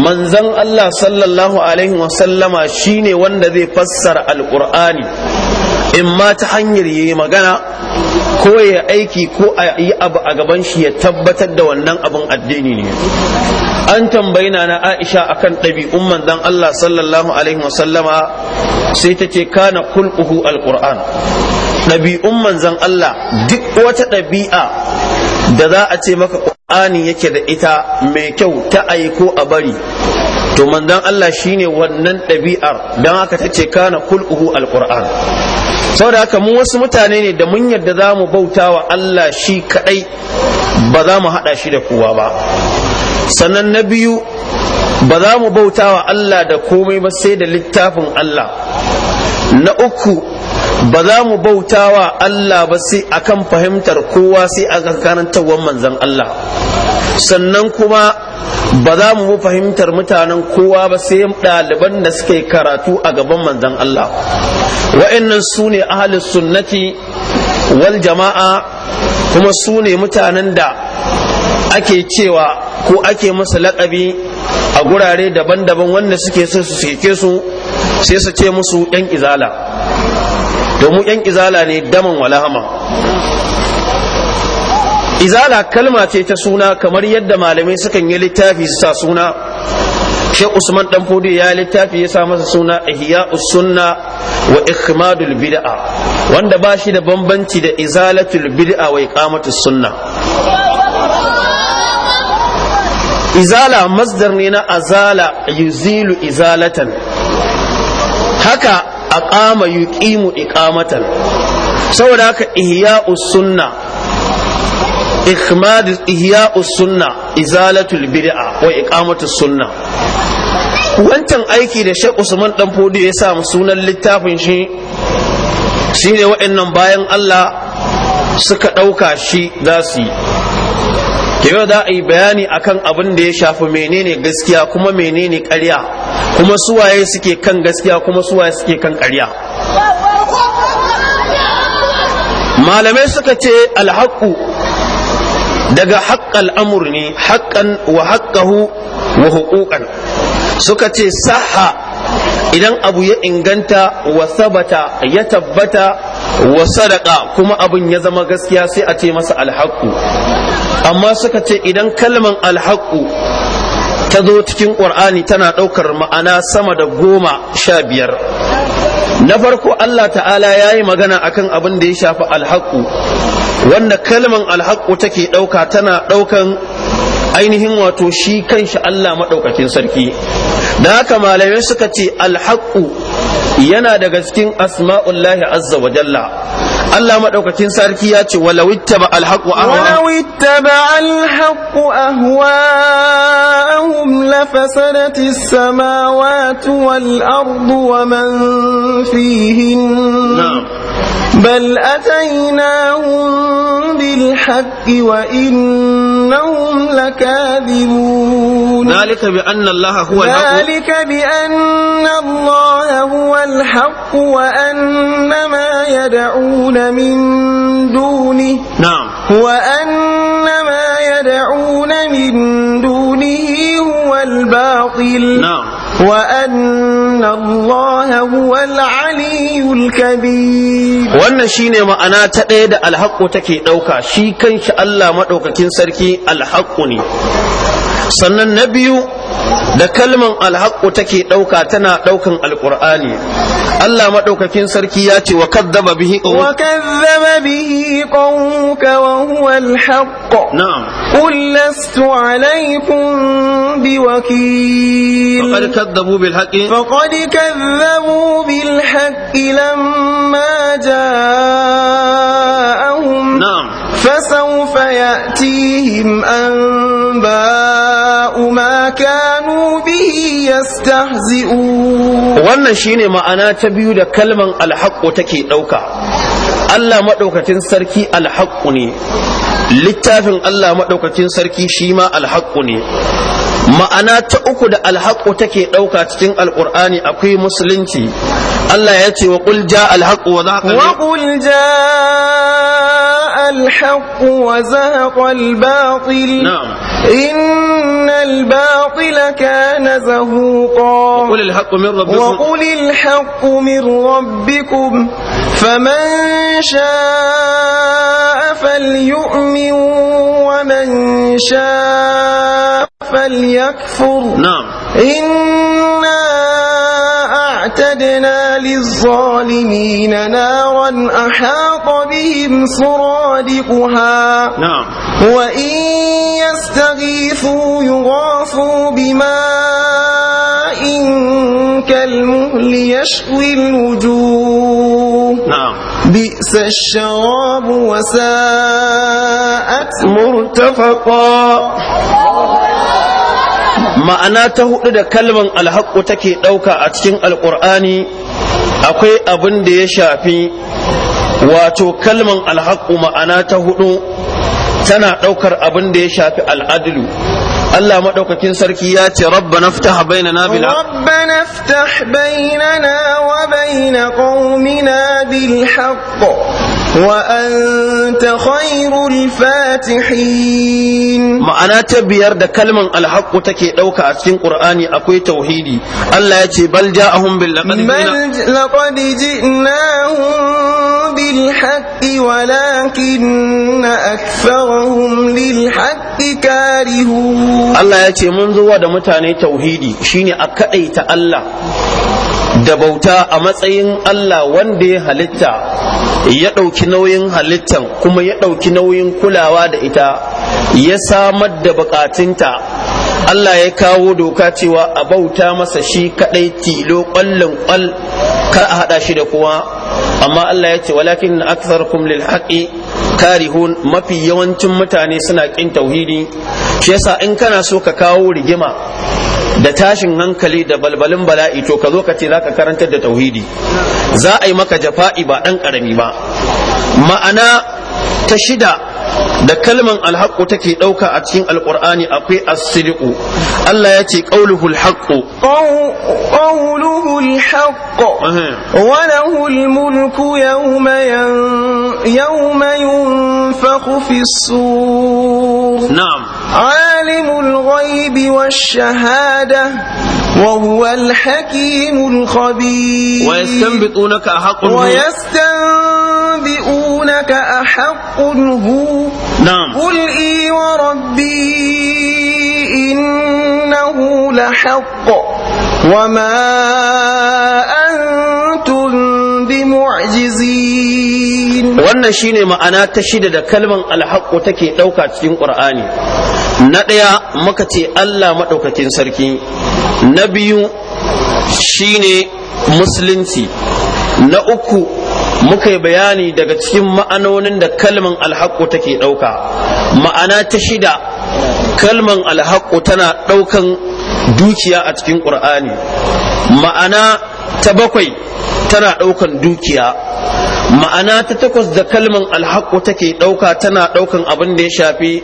manzan Allah sallallahu alaihi wasallama shine wanda zai fassara alkur'ani in ma ta hanyar yi magana ko ya aiki ko a yi abu a gaban shi ya tabbatar da wannan abin addini ne an tambayi na Aisha akan ɗabi'un manzan Allah sallallahu alaihi wasallama sai ta ce kana kulquhu alqur'an ɗabi'un manzan Allah duk wata ɗabi'a da za a ce maka ƙur'ani yake da ita mai kyau ta aiko a bari to manzon Allah shine wannan ɗabi'ar don haka ta ce kana kul'uhu alƙur'an saboda haka mun wasu mutane ne da mun yadda za mu bauta wa Allah shi kaɗai ba za mu haɗa shi da kowa ba sannan na biyu ba za mu bauta wa Allah da komai ba sai da littafin Allah na uku ba za mu bauta wa Allah ba sai akan fahimtar kowa sai a karantarwar manzan Allah sannan kuma ba za mu fahimtar mutanen kowa ba sai ɗaliban da suke karatu a gaban manzan Allah wa'annan su ne ahalus sunnati wal jama'a kuma su ne mutanen da ake cewa ko ake masa laƙabi a gurare daban-daban wanda suke so su seke su sai su ce musu 'yan izala domin mu yan izala ne daman walahama izala kalma ce ta suna kamar yadda malamai sukan yi littafi su sa suna Sheikh Usman dan Fodi ya littafi ya sa masa suna Ihya sunna wa Ikhmadul Bid'a wanda ba shi da bambanci da Izalatul Bid'a wa Iqamatus Sunna Izala masdar ne na azala yuzilu izalatan haka aqama yuqimu iqamatan saboda haka ihya'us sunna ikhmad ihya'us sunna izalatul bid'a wa iqamatus sunna wancan aiki da Sheikh Usman dan Fodi ya sa sunan littafin shi shine wa'annan bayan Allah suka ɗauka shi za su yi yau za a yi bayani akan abin da ya shafi menene gaskiya kuma menene ƙarya kuma suwaye suke kan gaskiya kuma suwaye suke kan ƙarya malamai suka ce alhaƙu daga haƙƙal amur ne haƙƙan wa haƙƙahu wa huƙuƙan suka ce saha idan abu ya inganta wa sabata ya tabbata wa sadaka kuma abin ya zama gaskiya sai a ce masa alhaku amma suka ce idan kalman alhaku ta zo cikin ƙur'ani tana ɗaukar ma'ana sama da goma sha biyar na farko Allah ta'ala ya yi magana akan abin da ya shafi alhaku wanda kalman alhaku take ɗauka tana ɗaukan ainihin wato shi kanshi Allah maɗaukakin sarki da haka malamai suka ce alhaƙu yana daga cikin asma'ullahi azza wa jalla Allah maɗaukakin sarki ya ce walau ittaba alhaqu ahwaahum lafasadati as-samawati wal ardu wa man fihin bal atainahum bil haqqi wa inna إنهم لكاذبون ذلك بأن الله هو الحق ذلك بأن الله هو الحق وأن ما يدعون من دونه نعم وأن ما يدعون من دونه هو الباطل نعم وأن الله هو العلي الكبير wannan shine ma'ana ta ɗaya da alhaqqu take ɗauka shi kanshi Allah maɗaukakin sarki alhaqqu ne sannan na biyu da kalman alhaƙu take ɗauka tana ɗaukan alƙur'ani Allah maɗaukakin sarki ya ce wa kazzaba bihi qawmuka wa kazzaba bihi qawmuka wa huwa alhaq na'am qul lastu alaykum biwakil faqad kazzabu bil haqqi faqad kazzabu bil haqqi lamma jaa فسوف يأتيهم أنباء ما كانوا به يستهزئون wannan shine ma'ana ta biyu da kalman alhaqqu take ɗauka Allah maɗaukacin sarki alhaqqu ne littafin Allah maɗaukacin sarki shi ma alhaqqu ne ma'ana ta uku da alhaƙo take ɗauka cikin alƙur'ani akwai musulunci Allah ya ce wa ƙul ja alhaƙo wa za ka الحق وزهق الباطل نعم إن الباطل كان زهوقا وقل الحق من ربكم وقل الحق من ربكم فمن شاء فليؤمن ومن شاء فليكفر نعم إن وأعتدنا للظالمين نارا أحاط بهم سرادقها نعم وإن يستغيثوا يغاثوا بماء كالمهل يشوي الوجوه نعم بئس الشراب وساءت مرتفقا ma'ana ta hudu da kalman alhaƙu take ɗauka a cikin alƙur'ani akwai abin da ya shafi wato kalman alhaƙu ma'ana ta hudu tana ɗaukar abin da ya shafi al'adulu Allah maɗaukakin sarki ya ce rabba naftaha bainana bil rabba naftah bainana wa bain qaumina bil haqq وأنت خير الفاتحين ma'ana ta biyar da kalman alhaƙu take ɗauka a cikin qur'ani akwai tauhidi Allah ya ce bal ja'ahum bil laqad ji'nahum bil haqqi walakin aktharahum lil haqqi karihu. Allah yace mun zo da mutane tauhidi shine a kaɗaita Allah da bauta a matsayin Allah wanda ya halitta ya ɗauki nauyin halittan kuma ya ɗauki nauyin kulawa da ita ya samar da bukatunta Allah ya kawo doka cewa a bauta masa shi kadai tilo kwallon kwal kar a hada shi da kowa amma Allah ya ce walakin aktharukum lil haqi karihun mafi yawancin mutane suna kin tauhidi shi yasa in kana so ka kawo rigima da tashin hankali da balbalin bala'i to ka zo ka ce zaka karantar da tauhidi za a yi maka jafa'i ba ɗan karami ba ma'ana ta shida da kalman alhaƙo take ɗauka a cikin alƙur'ani akwai asiriku Allah ya ce ƙauluhul haƙo ƙauluhul haƙo wa mulku yawma yunfakhu fi sur na'am alimul ghaibi wash-shahada وهو الحكيم الخبير ويستنبطونك أحق ويستنبطونك يسألونك أحق هو نعم قل إي وربي إنه لحق وما أنتم بمعجزين wannan shine ma'ana ta shida da kalman alhaqqu take ɗauka cikin qur'ani na ɗaya muka ce Allah maɗaukakin sarki na biyu shine musulunci na uku muka yi bayani daga cikin ma'anonin da kalman alhaƙo take ɗauka ma'ana ta shida kalman alhaƙo tana ɗaukan dukiya a cikin ƙur'ani ma'ana ta bakwai tana ɗaukan dukiya ma'ana ta takwas da kalman alhaƙo take ɗauka tana ɗaukan abin da ya shafi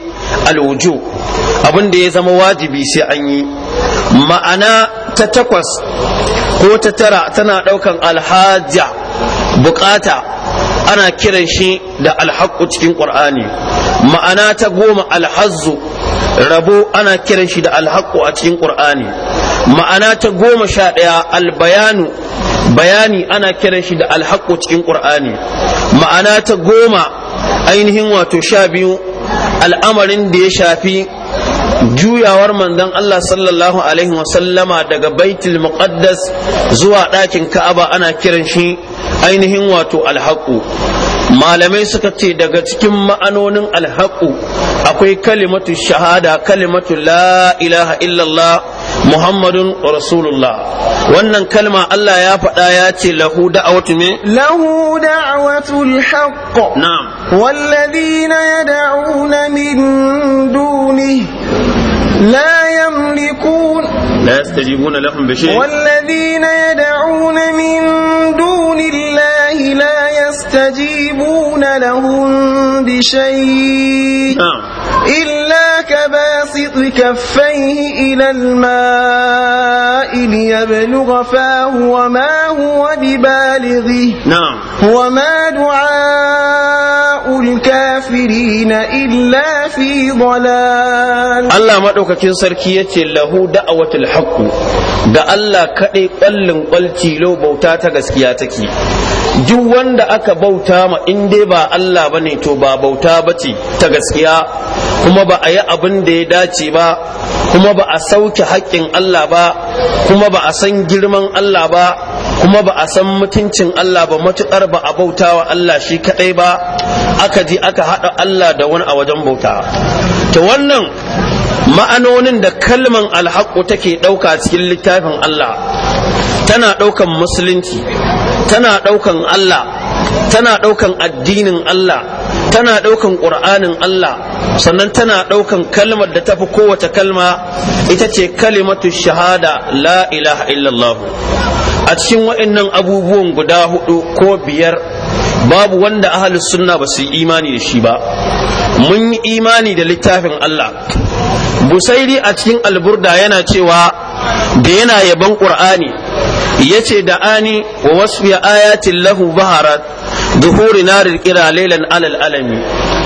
alwujo abin da ya zama wajibi sai an yi ma'ana ta takwas ko ta tara tana ɗaukan alhajja bukata ana kiran shi da alhaƙu cikin ƙur'ani ma'ana ta goma alhazzu rabo ana kiran shi da alhaƙu a cikin ƙur'ani ma'ana ta goma sha ɗaya albayanu bayani ana kiran shi da alhaƙu cikin ƙur'ani ma'ana ta goma ainihin wato sha biyu al'amarin da ya shafi juyawar manzon Allah sallallahu alaihi wasallama daga baitul muqaddas zuwa ɗakin Ka'aba ana kiran shi ainihin wato alhaƙu malamai suka ce daga cikin ma'anonin alhaƙu akwai kalimatu shahada kalimatu la ilaha illallah muhammadun rasulullah wannan kalma Allah ya faɗa ya ce lahu da'awatu me lahu da'awatul haqq na'am walladhina yad'una min dunihi la yamlikun لا يستجيبون لهم بشيء والذين يدعون من دون الله الله لا يستجيبون لهم بشيء إلا كباسط كفيه إلى الماء ليبلغ فاه وما هو ببالغه نعم وما دعاء الكافرين إلا في ضلال الله ما دوكا كين سركية له دعوة الحق da Allah kaɗai ƙwallin ƙwalci lau bauta ta gaskiya take duk wanda aka bauta ma in dai ba Allah bane to ba bauta bace ta gaskiya kuma ba a yi abin da ya dace ba kuma ba a sauke haƙƙin Allah ba kuma ba a san girman Allah ba kuma ba a san mutuncin Allah ba matuƙar ba a bauta wa Allah shi kaɗai ba aka ji aka haɗa Allah da wani a wajen bauta to wannan ma'anonin da kalman alhaƙu take ɗauka cikin littafin Allah tana ɗaukan musulunci tana ɗaukan Allah tana ɗaukan addinin Allah tana ɗaukan ƙur'anin Allah sannan tana ɗaukan kalmar da tafi kowace kalma ita ce kalimatu shahada la ilaha illallah a cikin waɗannan abubuwan guda hudu ko biyar babu wanda ahli sunna ba su yi imani da shi ba mun yi imani da littafin Allah busairi a cikin alburda yana cewa da yana yaban ƙur'ani yace da ani wa wasfi ayatin lahu baharat duhuri narir kira lailan alal alami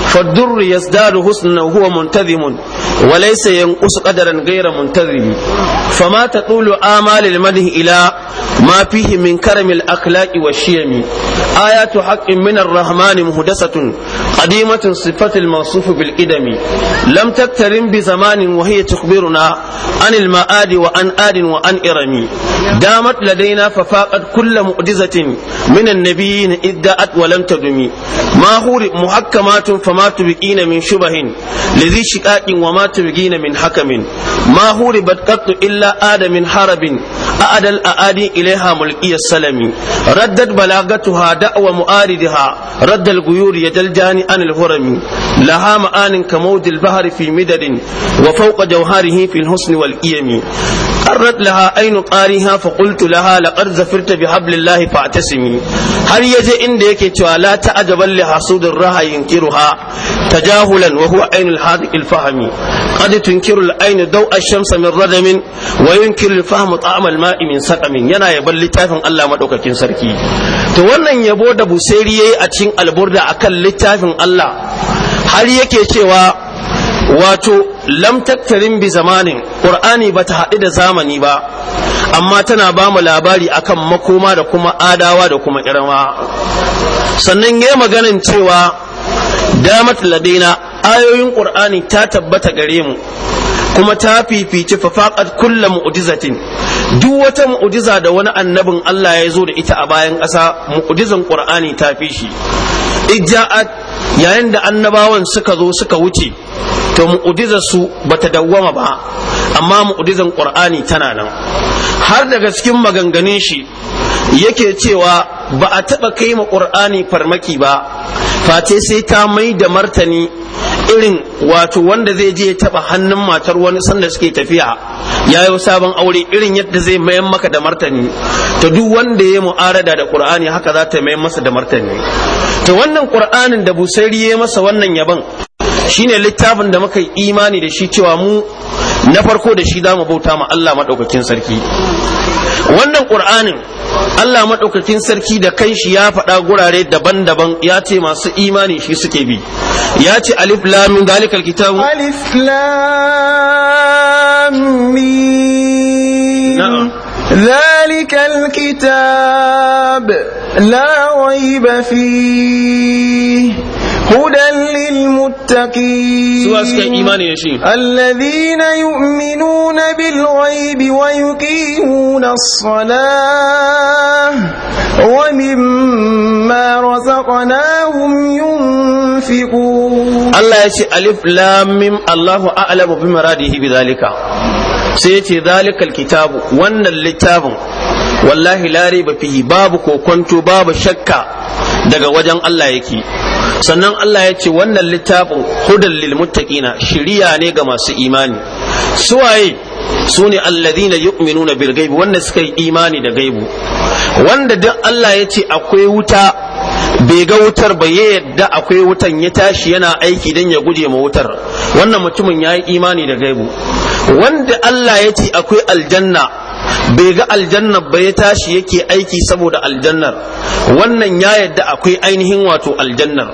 فالدر يزداد حسنا وهو منتظم وليس ينقص قدرا غير منتظم فما تطول آمال المدح إلى ما فيه من كرم الأخلاق والشيم آيات حق من الرحمن مهدسة قديمة صفة الموصوف بالإدم لم تكترم بزمان وهي تخبرنا عن المآد وعن آد وعن إرم دامت لدينا ففاقت كل مؤدزة من النبيين إذ دأت ولم تدمي ما هو محكمات فما تبقين من شبه لذي شقاق وما تبقين من حكم ما هو قط إلا آد من حرب أعد الأعادي إليها ملقي السلم ردت بلاغتها دعوى مؤاردها رد الغيور يدلجان عن الهرم لها معان كمود البحر في مدد وفوق جوهره في الحسن والقيم harrat laha ainu qariha fa qultu bi hablillahi fa'tasimi har yaje inda yake cewa la ta'jaban li hasudir rahayin kiruha tajahulan wa huwa ainu alhadiq alfahmi qad tunkiru alayn daw min radamin wa yunkiru alfahm ta'am min yana yabal littafin Allah madaukakin sarki to wannan yabo da busairi yayi a cikin alburda akan littafin Allah har yake cewa wato lam tattarin bi zamanin qur'ani bata haɗu da zamani ba amma tana ba mu labari akan makoma da kuma adawa da kuma ƙirma. sannan yayi maganin cewa damat ladaina ayoyin qur'ani ta tabbata gare mu kuma ta fifici fafaqat kullu mu'jizatin duk wata mu'jiza da wani annabin Allah ya zo da ita a bayan ƙasa mu'jizan qur'ani ta fi shi ijja'at yayin da annabawan suka zo suka wuce to mu'ujizar su bata dawwama ba amma mu'udizan qur'ani tana nan har daga cikin maganganun shi yake cewa ba a taɓa kai ma ƙur'ani farmaki ba face sai ta mai da martani irin wato wanda zai je taɓa hannun matar wani sanda suke tafiya ya yi sabon aure irin yadda zai mayan maka da martani to duk wanda ya mu'arada da ƙur'ani haka za ta mayan masa da martani to wannan qur'anin da busairi ya masa wannan yaban shine littafin da muka yi imani da shi cewa mu na farko da shi zamu bauta ma Allah madaukakin sarki wannan qur'anin Allah madaukakin sarki da shi ya faɗa gurare daban-daban ya ce masu imani shi suke bi ya ce alif lam dalikal kitabu alif lam mim zalikal لا ريب فيه هدى للمتقين الذين يؤمنون بالغيب ويقيمون الصلاة ومما رزقناهم ينفقون الله يشي ألف لام ميم الله أعلم بمراده بذلك sai ya ce zalikal kitabu wannan littafin wallahi lare ba fihi babu kokonto babu shakka daga wajen Allah yake sannan Allah ya ce wannan littafin hudan lil muttaqina shiriya ne ga masu imani Su waye su ne alladhina yu'minuna bil ghaibi wanda suka yi imani da gaibu wanda duk Allah ya ce akwai wuta bai ga wutar ba ya yadda akwai wutan ya tashi yana aiki don ya guje ma wutar wannan mutumin ya yi imani da gaibu wanda Allah ya ce akwai aljanna bai ga aljannar ba ya tashi yake aiki saboda aljannar wannan ya yadda akwai ainihin wato aljannar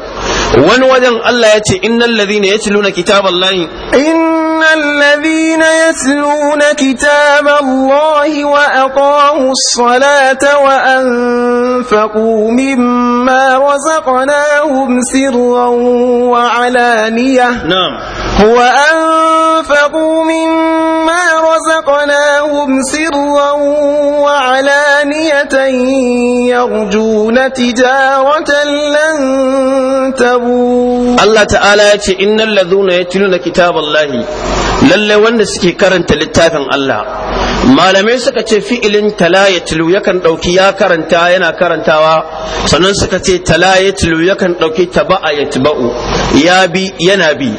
wani wajen Allah ya ce ya innal ladhina yatluna kitaballahi innal ladhina yatluna kitaballahi wa aqamus salata wa anfaqu mimma razaqnahum sirran wa alaniyah na'am huwa anfaqu mimma razaqnahum sirran wa ta alaniyatan yarjuna tijaratan lan Allah ta'ala ya ce innal ladhuna yatluna kitaballahi lalle wanda suke karanta littafin Allah malamai suka ce fi'ilin tala yatlu yakan dauki ya karanta yana karantawa sannan suka ce tala yatlu yakan dauki taba'a yatba'u ya bi yana bi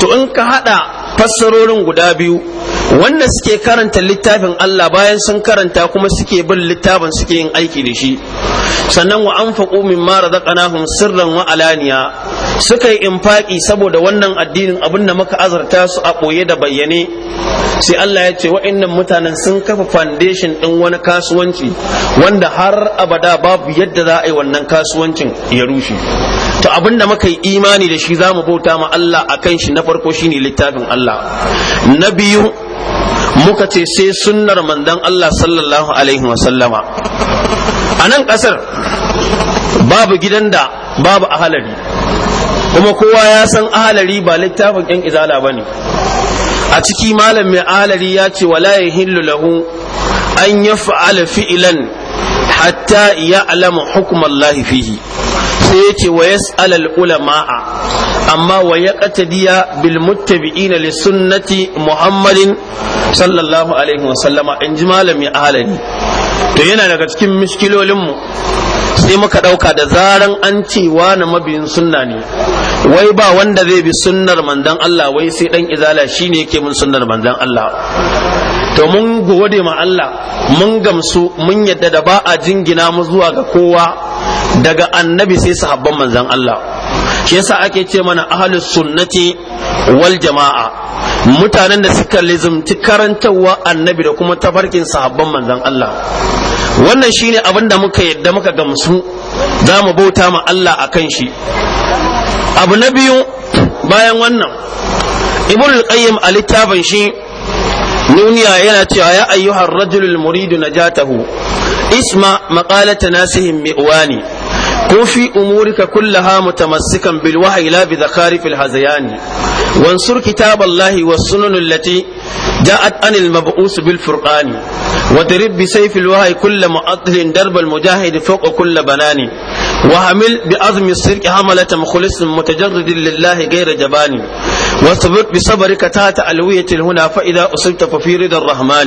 to in ka hada fassarorin guda biyu wanda suke karanta littafin Allah bayan sun karanta kuma suke bin littafin suke yin aiki da shi sannan wa anfaqu mimma razaqnahum sirran wa alaniya suka yi infaki saboda wannan addinin abin da muka azarta su a boye da bayyane sai Allah ya ce wa'annan mutanen sun kafa foundation din wani kasuwanci wanda har abada babu yadda za a yi wannan kasuwancin ya rushe to abin da muka yi imani da shi za mu bauta ma Allah a kan shi na farko shine littafin Allah na biyu muka ce sai sunnar mandan Allah sallallahu alaihi wasallama a nan ƙasar babu gidan da babu ahalari kuma kowa ya san ahalari ba littafin yan izala ba ne a ciki malam mai ahalari ya ce wala ya hillu lahu an ya fa'ala fi'ilan hatta ya alama hukumar fihi sai yace wa yas'al ulama'a amma wa yaqtadiya bil muttabi'ina li sunnati muhammadin sallallahu alaihi wa sallama in ji malami ahalani to yana daga cikin miskilolin mu sai muka ɗauka da zaran an ce wani mabiyin sunna ne wai ba wanda zai bi sunnar manzon Allah wai sai dan izala shine yake mun sunnar manzon Allah to mun gode ma Allah mun gamsu mun yadda da ba a jingina mu zuwa ga kowa daga annabi sai sahabban manzon Allah shi yasa ake ce mana ahlus sunnati wal jama'a mutanen da suka lizumci karantarwa annabi da kuma tafarkin sahabban manzon Allah wannan shine abin da muka yadda muka gamsu za mu bauta ma Allah a kan shi abu na biyu bayan wannan ibn al-qayyim a littafin shi nuniya yana cewa ya ayyuhar rajulul muridu najatahu isma maqalata nasihim mi'wani kun fi umurika kullaha mutamassikan bil wahyi la bi dhakarifil hazayani wansur kitaballahi was sunan allati ja'at anil mab'us bil furqani wadrib bi sayfil wahyi kull mu'attilin darbal mujahid fawqa kull banani وحمل بأظم السرك حملة مخلص متجرد لله غير جباني واثبت بصبرك تحت ألوية الهنا فإذا أصبت ففي رضا الرحمن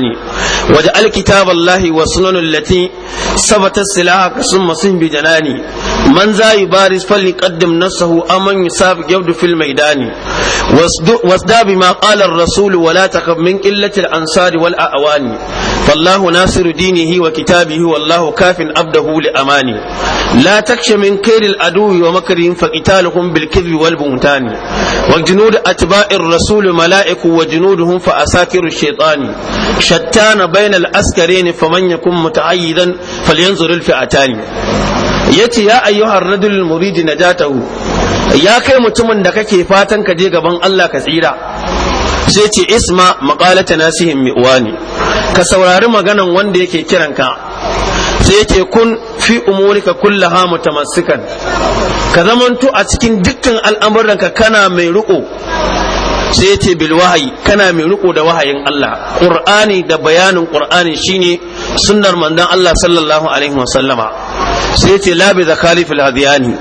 واجعل كتاب الله وسنن التي ثبتت سلاحك ثم سن بجناني من ذا يبارز فليقدم نفسه أمن يسابق يبدو في الميدان واصدى بما قال الرسول ولا تخف من قلة الأنصار والأعوان فالله ناصر دينه وكتابه والله كاف عبده لأمانه لا تخش من كيد العدو ومكرهم فقتالهم بالكذب والبهتان وجنود أتباع الرسول ملائك وجنودهم فأساكر الشيطان شتان بين العسكرين فمن يكن متعيدا فلينظر الفئتان yace ya ayyuhar radul muridi najatahu ya kai mutumin da kake fatan ka je gaban Allah ka tsira sai ce isma maqalata nasihin miwani ka saurari maganan wanda yake kiranka sai yake kun fi umurika kullaha mutamassikan ka zamanto a cikin dukkan al'amuranka kana mai riko sai bil wahayi kana mai riko da wahayin Allah Qur'ani da bayanin Qur'ani shine sunnar manzon Allah sallallahu alaihi wasallama sai la bi zakalifil hadiyani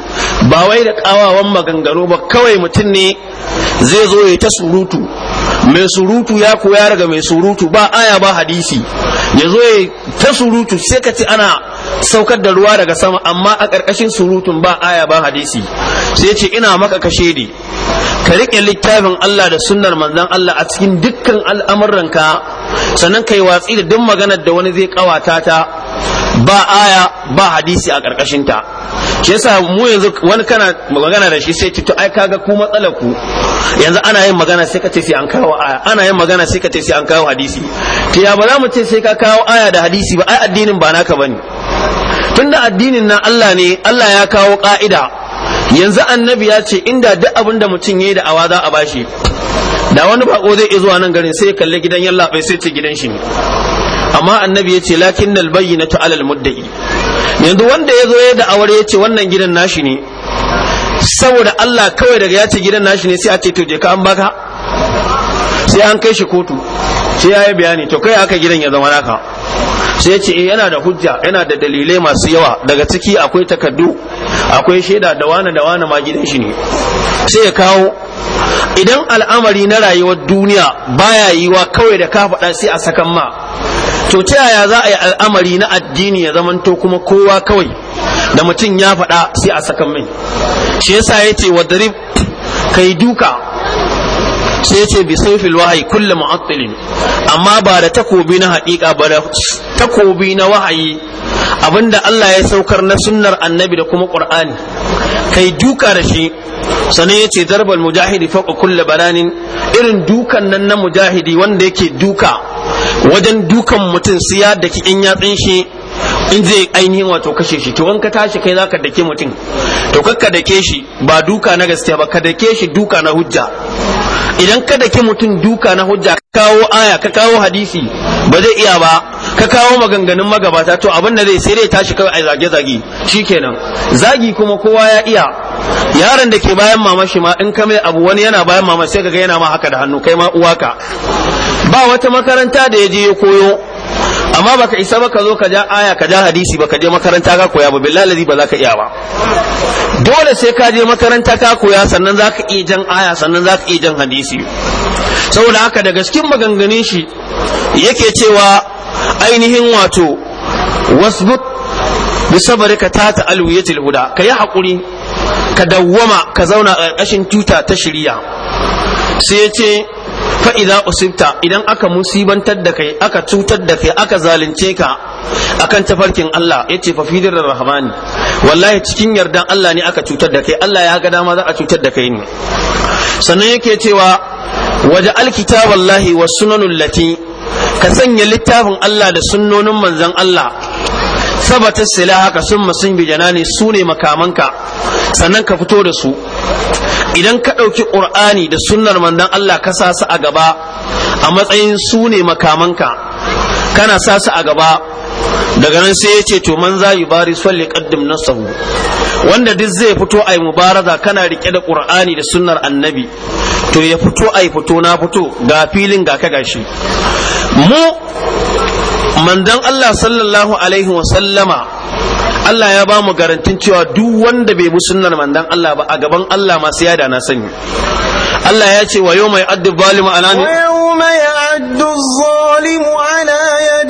ba wai da kawawan maganganu ba kawai mutum ne zai zo ya ta surutu mai surutu ya koya daga mai surutu ba aya ba hadisi ya zo ya ta surutu sai ka ci ana saukar da ruwa daga sama amma a ƙarƙashin surutun ba aya ba hadisi sai ce ina maka kashe ne ka riƙe littafin Allah da sunnar manzon Allah a cikin dukkan al'amuranka sannan ka yi watsi da duk maganar da wani zai ƙawata ta ba aya ba hadisi a ƙarƙashin ta shi yasa mu yanzu wani kana magana da shi sai tito ai kaga ku matsalar ku yanzu ana yin magana sai ka ce sai an kawo aya ana yin magana sai ka ce sai an kawo hadisi to ya ba za mu ce sai ka kawo aya da hadisi ba ai addinin ba naka bane tunda addinin na Allah ne Allah ya kawo ka'ida yanzu annabi ya ce inda duk abin da mutum yi da awa za a bashi da wani bako zai iya zuwa nan garin sai ya kalli gidan yallaɓai sai ce gidan shi ne amma annabi yace lakin al ta alal muddai yanzu wanda ya zo ya da aure yace wannan gidan nashi ne saboda Allah kawai daga yace gidan nashi ne sai a ce to je ka an baka sai an kai shi kotu sai ya yi bayani to kai aka gidan ya zama naka sai ce eh, yana da hujja yana da dalilai masu yawa daga ciki akwai takardu akwai shaida da wani da wani ma gidan shi ne sai ya kawo idan al'amari na rayuwar duniya baya yiwa kawai da ka faɗa sai a sakan ma to ta yaya za a yi al'amari na addini ya zamanto kuma kowa kawai da mutum ya faɗa sai a saka mai shi yasa ya ce wa kai duka sai ya ce bi saifil wahayi kullum mu'attilin amma ba da takobi na haƙiƙa ba da takobi na wahayi abinda Allah ya saukar na sunnar annabi da kuma ƙur'ani kai duka da shi sannan ya ce darbal mujahidi fauka kulle bananin irin dukan nan na mujahidi wanda yake duka wajen dukan mutum siya da in yatsin shi in zai ainihin wato kashe shi to in ka tashi kai zaka dake mutum to kakka dake shi ba duka na gaskiya ba ka dake shi duka na hujja idan ka dake mutum duka na hujja ka kawo aya ka kawo hadisi ba zai iya ba ka kawo maganganun magabata to abin da zai sai dai tashi kawai a zage zage shikenan zagi kuma kowa ya iya yaron da ke bayan mama shi ma in ka mai abu wani yana bayan mama sai ga yana ma haka da hannu kai ma uwaka ba wata makaranta da ya je ya koyo amma baka isa ba ka zo ka ja aya ka ja hadisi ba ka je makaranta ka koya ba billahi ba za ka iya ba dole sai ka je makaranta ka koya sannan za ka iya jan aya sannan za ka iya jan hadisi saboda haka daga cikin maganganun shi yake cewa ainihin wato wasbut bi ka ta ta alwiyatul huda yi haƙuri ka dawwama ka zauna a ƙarƙashin tuta ta shirya. sai ya ce fa usibta idan aka musibantar da kai aka cutar da kai aka zalunce ka akan tafarkin Allah yace ce fidir rahmani wallahi cikin yardan Allah ne aka cutar da kai Allah ya ga dama za a cutar da kai ne sannan yake cewa waje alkitaballahi wallahi sunanul lati ka sanya littafin Allah da sunnonin manzan Allah sabata silaha ka sun masun bijana ne su ne makamanka sannan ka fito da su idan ka ɗauki ƙur'ani da sunnar manzon Allah ka sa su a gaba a matsayin su ne makamanka kana sa su a gaba daga nan sai ya ce to man za yi bari salli kaddim nasahu wanda duk zai fito a yi mubaraza kana rike da ƙur'ani da sunnar annabi to ya fito a yi fito na fito ga filin ga ka gashi mu mandan Allah sallallahu alaihi wa sallama Allah ya ba mu garantin cewa duk wanda bai bi sunnar mandan Allah ba a gaban Allah masu yada na sani Allah ya ce wa yau mai addu zalimu alami wa yau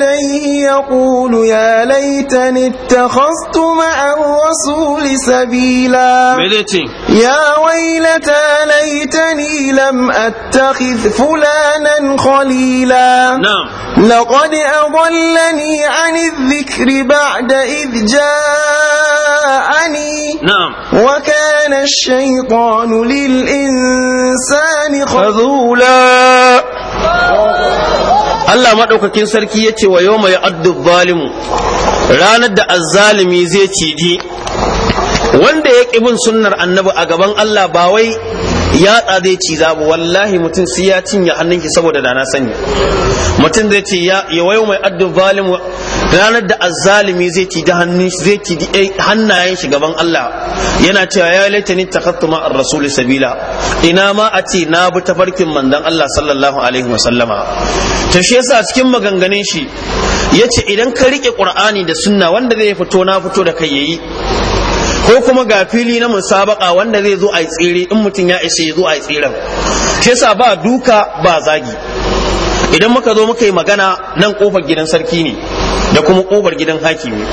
يديه يقول يا ليتني اتخذت مع الرسول سبيلا يا ويلتى ليتني لم أتخذ فلانا خليلا نعم. لقد أضلني عن الذكر بعد إذ جاءني نعم. وكان الشيطان للإنسان خذولا Allah maɗaukakin sarki ya ce wa yau mai addu zalimu ranar da azzalimi zai ciji wanda ya bin sunnar annabi a gaban Allah ba wai yatsa zai ci zamu wallahi mutum sai ya cinye hannun shi saboda da na sani mutum zai ce ya wayo mai addu zalim ranar da azzalimi zai ci da hannun zai ci hannayen shi gaban Allah yana cewa ya laita ni takattuma ar rasul sabila ina ma a ce na bi tafarkin manzon Allah sallallahu alaihi wa sallama shi yasa cikin maganganun shi yace idan ka rike qur'ani da sunna wanda zai fito na fito da kai yayi ko kuma ga fili na musabaka wanda zai zo a yi tsere in mutum ya ishe ya zo a yi tseren kesa ba duka ba zagi idan muka zo muka yi magana nan kofar gidan sarki ne da kuma kofar gidan hakimi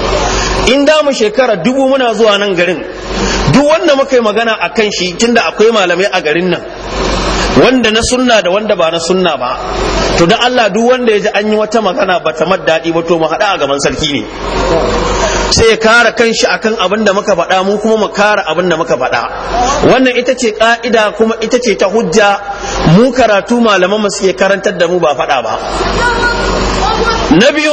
in da mu shekara dubu muna zuwa nan garin duk wanda muka yi magana a kan shi tunda akwai malamai a garin nan wanda na sunna da wanda ba na sunna ba to da Allah duk wanda ya ji an yi wata magana ba ta mad ba to mu haɗa a gaban sarki ne sai ya kara kanshi akan abin da muka faɗa mu kuma mu kara abin da muka faɗa wannan ita ce ka'ida kuma ita ce ta hujja mu karatu malaman mu suke karantar da mu ba faɗa ba na biyu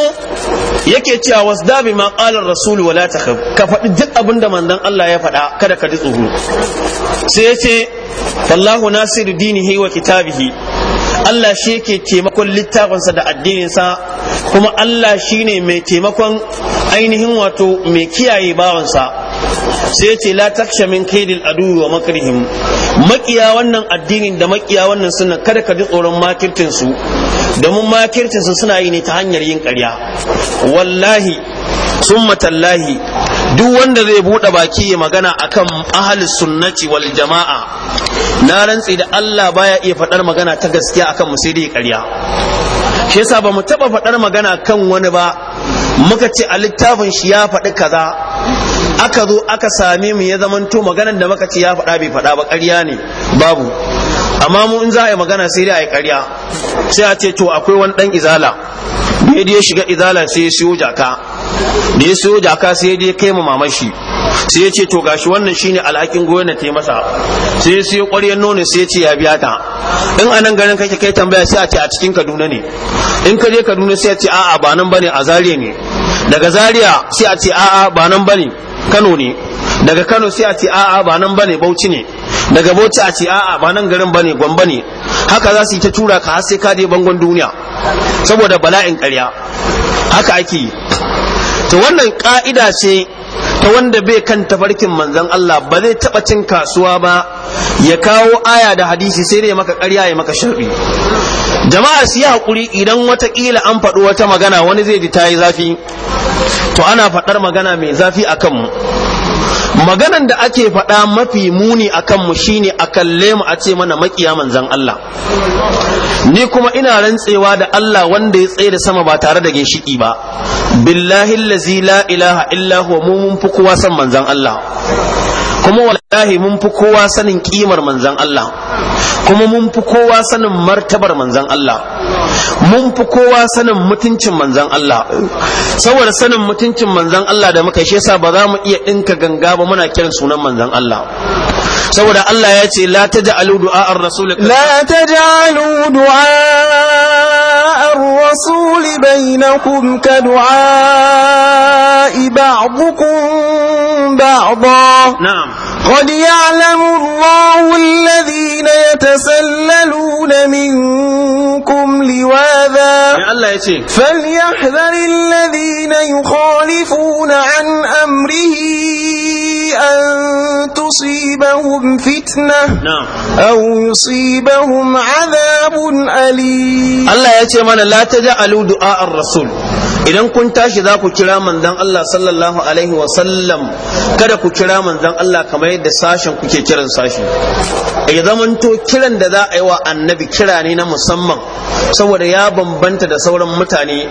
yake cewa wasda bi ma qala rasul wala takhaf ka faɗi duk abin da manzon Allah ya faɗa kada ka ji tsoro sai yace wallahu nasiru dinihi wa kitabihi Allah shi yake taimakon littafinsa da addininsa kuma Allah shi ne mai taimakon ainihin wato mai kiyaye bawansa sai ce la taksha min kaidil adu wa makrihim makiya wannan addinin da makiya wannan suna kada ka ji tsoron makirtin su domin makirtin su suna yi ne ta hanyar yin ƙarya wallahi summa tallahi duk wanda zai buɗe baki ya magana akan ahalus sunnati wal jama'a na rantsi da Allah baya iya faɗar magana ta gaskiya akan mu sai dai ƙarya shi yasa ba mu taɓa faɗar magana kan wani ba muka ce a littafin shi ya faɗi kaza aka zo aka same mu ya zamanto maganar da muka ce ya faɗa bai faɗa ba ƙarya ne babu amma mu in za a yi magana sai dai a yi ƙarya sai a ce to akwai wani dan izala bai ya shiga izala sai ya siyo jaka da ya siyo jaka sai dai kai mu mamashi sai ya ce to gashi wannan shine alhakin goyon da ta masa sai ya siyo ƙwaryar nono sai ya ce ya biya ta in anan garin kake kai tambaya sai a ce a cikin kaduna ne in ka je kaduna sai a ce a'a ba nan bane a zariya ne daga zaria sai a ce a'a ba nan bane kano ne daga kano sai a ce a'a ba nan bane bauchi ne daga bauchi a ce a'a ba nan garin bane gwamba ne haka za su yi ta tura ka har sai ka je bangon duniya saboda bala'in ƙarya haka ake yi to wannan ka'ida ce ta wanda bai kan tafarkin manzon Allah ba zai taba cin kasuwa ba ya kawo aya da hadisi sai dai maka karya ya maka sharri jama'a su yi hakuri idan watakila an faɗo wata magana wani zai ji ta yi zafi to ana faɗar magana mai zafi a kanmu maganan da ake faɗa mafi muni a kanmu shine a kalle mu a ce mana makiya manzan Allah ni kuma ina rantsewa da Allah wanda ya tsaye da sama ba tare da ginshiki ba billahi allazi la ilaha illa huwa mu mun fi kowa san manzan Allah kuma wallahi mun fi kowa sanin kimar manzan Allah kuma mun fi kowa sanin martabar manzan Allah mun fi kowa sanin mutuncin manzan Allah saboda sanin mutuncin manzan Allah da muka shesa ba za mu iya ɗinka ganga ba muna kiran sunan manzan Allah saboda Allah ya ce la taj'alu du'a ar-rasul la taj'alu du'a bainakum ka كدعاء بعضكم بعضا na'am قد يعلم الله الذين يتسللون منكم لواذا فليحذر الذين يخالفون عن أمره أن تصيبهم فتنة أو يصيبهم عذاب أليم الله يتمنى لا تجعلوا دعاء الرسول idan kun tashi za ku kira manzon Allah sallallahu alaihi wa sallam kada ku kira manzon Allah kamar yadda sashen kuke kiran sashi ya zamanto kiran da za a yi wa annabi kira ne na musamman saboda ya bambanta da sauran mutane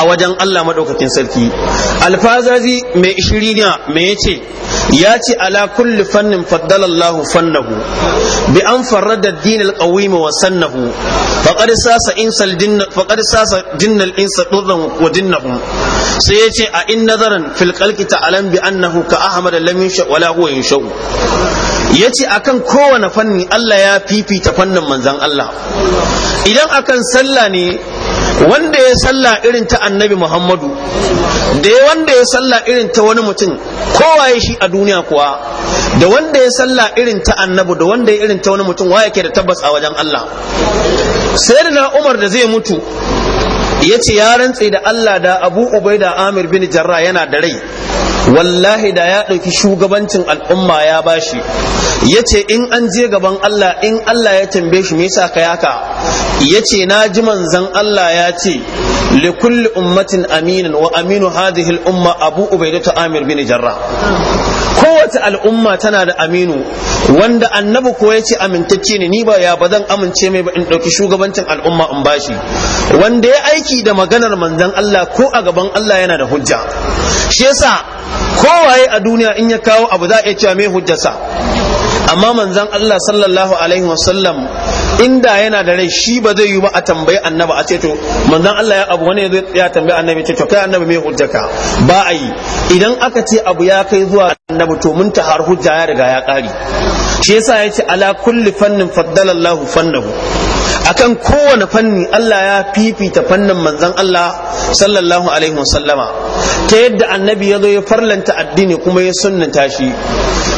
a wajen Allah maɗaukacin sarki alfazazi mai ishirina mai yace ya ce ala kulli fannin faddala fannahu bi an farra da din al wa sannahu sasa insal insa durran wa dinnahum sai yace a in nazaran fil khalqi bi annahu ka ahmad lam yunsha wala yin yunshau yace akan kowane fanni Allah ya fifita fannin manzan Allah idan akan sallah ne wanda ya sallah irin ta annabi Muhammadu da ya wanda ya sallah irin ta wani mutum kowa ya shi a duniya kuwa da wanda ya sallah irin ta annabi da wanda ya irin ta wani mutum waye yake da tabbas a wajen Allah sai da Umar da zai mutu ya ce ya rantse da Allah da Abu Ubaida Amir bin Jarra yana da rai wallahi da ya ɗauki shugabancin al'umma ya bashi ya ce in an je gaban Allah in Allah ya tambaye shi me yasa ka yaka ya ce na ji manzan Allah ya ce li kulli ummatin aminin wa aminu hadhihi umma abu ubaidatu amir bin jarrah kowace al'umma tana da aminu wanda annabi ko ya ce amintacce ne ni ba ya ba zan amince mai ba in ɗauki shugabancin al'umma in bashi wanda ya aiki da maganar manzan Allah ko a gaban Allah yana da hujja shi yasa kowaye a duniya in ya kawo abu za a iya cewa mai hujjasa amma manzon Allah sallallahu alaihi wasallam inda yana da rai shi ba zai yi ba a tambayi annaba a ce to manzon Allah ya abu wani ya tambayi annabi ce to kai annabi mai hujjaka ba a yi idan aka ce abu ya kai zuwa annabi to mun ta har hujja ya riga ya kare shi yasa ya ce ala kulli fannin faddala Allahu fannahu akan kowane fanni Allah ya fifita fannin manzon Allah sallallahu alaihi wasallama ta yadda annabi ya zo ya farlanta addini kuma ya sunnanta shi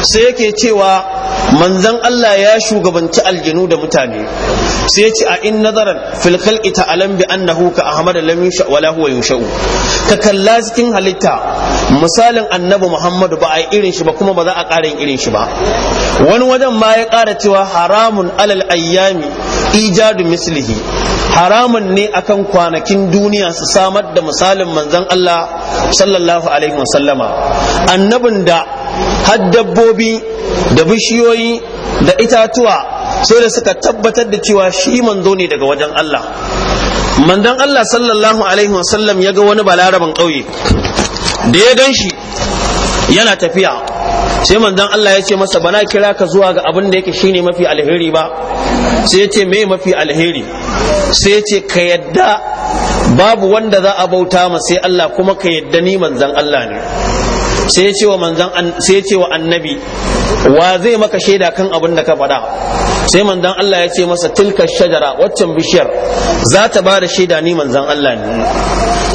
sai yake cewa manzon Allah ya shugabanci aljinu da mutane sai yace a in nazaran fil khalqi ta'alam bi annahu ka ahmad lam yusha wala huwa yushau ka kalla cikin halitta misalin annabi Muhammadu ba a yi irin shi ba kuma ba za a ƙara yin irin shi ba wani wajen ma ya ƙara cewa haramun alal ayyami ijadu mislihi haramun ne akan kwanakin duniya su samar da misalin manzon Allah sallallahu alaihi wasallama annabin da har dabbobi da bishiyoyi da itatuwa sai da suka tabbatar da cewa shi manzo ne daga wajen Allah manzon Allah sallallahu alaihi wasallam ya ga wani balaraban ƙauye da ya gan shi yana tafiya sai manzon Allah ya ce masa bana kira ka zuwa ga abin da yake shine mafi alheri ba sai ya ce me mafi alheri sai ya ce ka yadda babu wanda za a bauta ma sai Allah kuma ka yadda ni manzon Allah ne sai ya ce wa manzon sai ya ce wa annabi wa zai maka shaida kan abin da ka faɗa sai manzon Allah ya ce masa tilka shajara waccan bishiyar za ta ba da shaida ni manzon Allah ne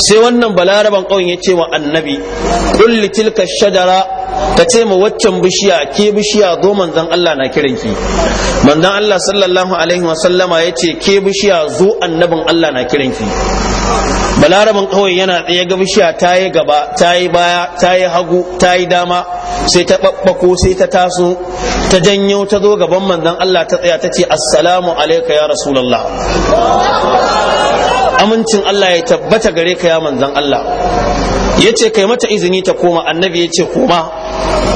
sai wannan balaraban ƙauyen ya ce wa annabi kulli tilka shajara ta ce ma waccan bishiya ke bishiya zo manzon Allah na kiranki manzon Allah sallallahu alaihi wa sallama yace ke bishiya zo annabin Allah na kiranki balarabin kawai yana tsaye ga bishiya ta yi gaba ta yi baya ta yi hagu ta yi dama sai ta babbako sai ta taso ta janyo ta zo gaban manzon Allah ta tsaya ta ce assalamu alayka ya rasulullah amincin Allah ya tabbata gare ka ya manzon Allah yace kai mata izini ta koma annabi yace koma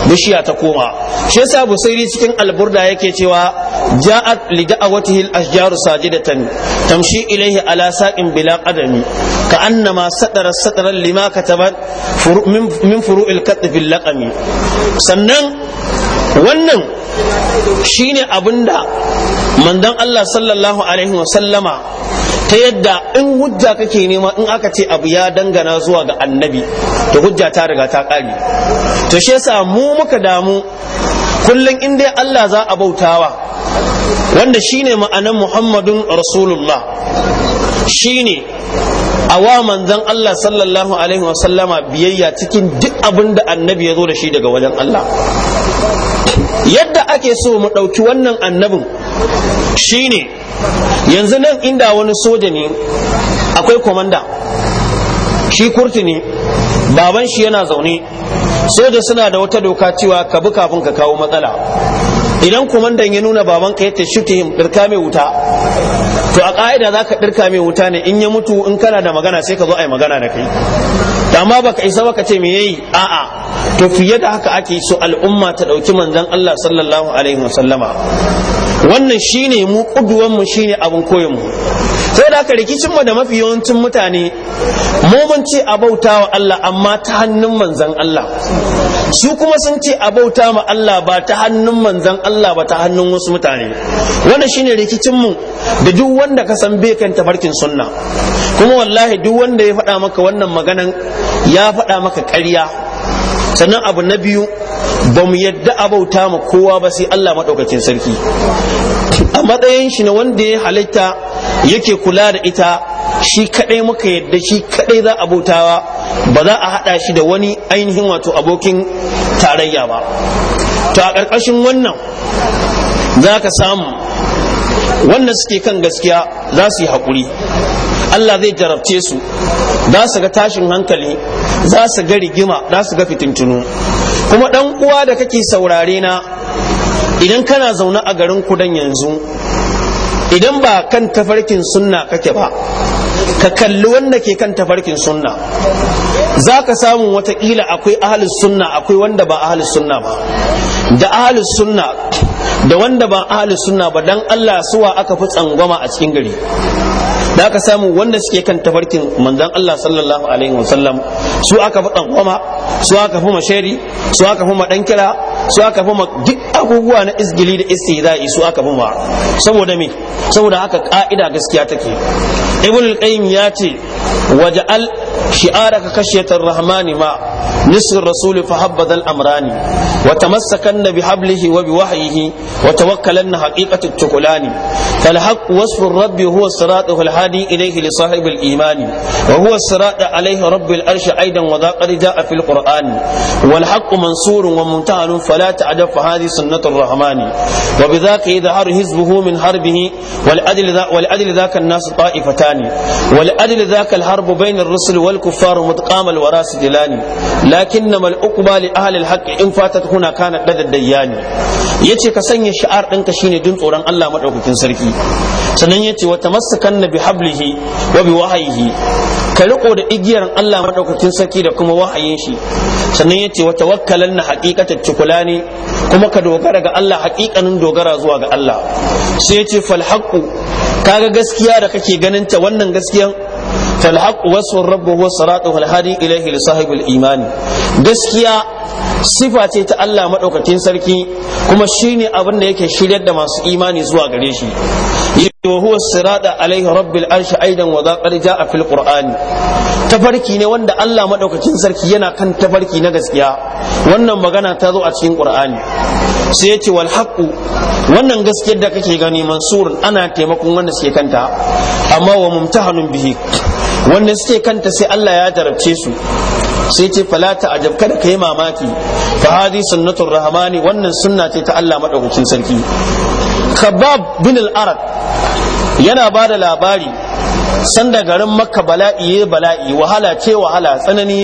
bishiya ta koma shi yasa busairi cikin alburda yake cewa ja'at li da'awatihi al-ashjaru sajidatan tamshi ilayhi ala sa'in bila qadami ka annama sadara sadaran lima katabat min furu'il qatf bil laqami sannan wannan shine abinda mandan Allah sallallahu alaihi wa sallama ta yadda in hujja kake nema in aka ce abu ya dangana zuwa ga annabi to hujja ta riga ta kare to shi yasa mu muka damu kullum in dai Allah za a bautawa wanda shine ma'anan Muhammadun Rasulullah shine wa manzon Allah sallallahu alaihi wa sallama biyayya cikin duk abin da annabi ya zo da shi daga wajen Allah yadda ake so mu ɗauki wannan annabin shine yanzu nan inda wani soja ne akwai komanda shi kurti ne baban shi yana zaune soja suna da wata doka cewa ka bi kafin ka kawo matsala idan kumandan ya nuna baban ka ta shutihim ɗirka mai wuta to a ƙa'ida za ka ɗirka mai wuta ne in ya mutu in kana da magana sai ka zo a yi magana da kai amma baka isa baka ce me yayi a'a to fiye da haka ake so al'umma ta ɗauki manzan Allah sallallahu alaihi wasallama wannan shine mu kuduwan mu shine abun koyon mu sai da haka rikicin mu da mafi yawancin mutane mu mun ce a bautawa Allah amma ta hannun manzon Allah su kuma sun ce a bauta ma Allah ba ta hannun manzan Allah ba ta hannun wasu mutane wannan shine rikicin mu da duk wanda ka san bai kan tafarkin sunna kuma wallahi duk wanda ya faɗa maka wannan maganan ya faɗa maka ƙarya sannan abu na biyu ba mu yadda a bauta ma kowa ba sai Allah maɗaukakin sarki a matsayin shi na wanda ya halitta yake kula da ita shi kadai muka yadda shi kadai za a bautawa ba za a hada shi da wani ainihin wato abokin tarayya ba to a ƙarƙashin wannan za ka samu wannan suke kan gaskiya za su yi haƙuri Allah zai jarabce su za su ga tashin hankali za su ga rigima za su ga fitintunu kuma dan uwa da kake saurare na idan kana zaune a garin kudan yanzu idan ba kan tafarkin sunna kake ba ka kalli wanda ke kan tafarkin sunna za ka samu watakila akwai ahalus sunna akwai wanda ba ahalus sunna ba da ahalus sunna da wanda ba ahalus sunna ba dan Allah suwa aka fi tsangwama a cikin gari da aka samu wanda suke kan tafarkin manzon Allah sallallahu alaihi wasallam su aka fi tsangwama su aka fi mashari su aka fi madankira su aka fi duk abubuwa na izgili da istihza'i su aka fi ma saboda me saboda haka ka'ida gaskiya take ibn al-qayyim ya ce waja'al shi'araka kashiyatar rahmani ma nisr rasul fa habbada al-amrani wa tamassakanna bi hablihi wa bi wahyihi wa tawakkalanna haqiqat at-tuqulani fal haqq wasfu ar-rabb huwa siratuhu al-hadi ilayhi li sahib al-iman wa huwa sirat alayhi rabb al-arsh aidan wa dha qad ja'a fi al-qur'an wal haqq mansurun wa muntahalun فلا تعجب فهذه سنة الرحمن وبذاك يظهر حزبه من حربه والأدل, ذا والأدل ذاك الناس طائفتان والأدل ذاك الحرب بين الرسل والكفار متقام الورى سجلان لكنما الأقبى لأهل الحق إن فاتت هنا كانت لدى الديان yace ka sanya sha'ar ɗinka shine jin tsoron Allah maɗaukakin sarki sannan yace wa tamassakanna bi hablihi wa bi wahayihi ka riko da igiyar Allah maɗaukakin sarki da kuma wahayin shi sannan yace wa tawakkalanna haqiqatat tukula ne kuma ka dogara ga Allah hakikanin dogara zuwa ga Allah sai ya ce fal haqqu kaga gaskiya da kake ganin ta wannan gaskiyan fal haqqu wasfur rabbu huwa siratu hadi ilayhi li sahibul imani gaskiya sifa ce ta Allah madaukakin sarki kuma shine abin da yake shiryar da masu imani zuwa gare shi وهو الصراط عليه رب العرش ايضا وذا قد جاء في القران tafarki ne wanda Allah madaukakin sarki yana kan tafarki na gaskiya wannan magana ta zo a cikin Qur'ani sai ya ce wal haqu wannan gaskiyar da kake gani mansur ana taimakon wanda suke kanta amma wa mumtahanun bihi wanda suke kanta sai Allah ya jarabce su sai ce fala ta'ajab kada kai mamaki fa hadi sunnatur rahmani wannan sunna ce ta Allah madaukakin sarki khabab bin al-arad yana ba da labari sanda garin makka bala'i ya bala'i wahala ce wahala tsanani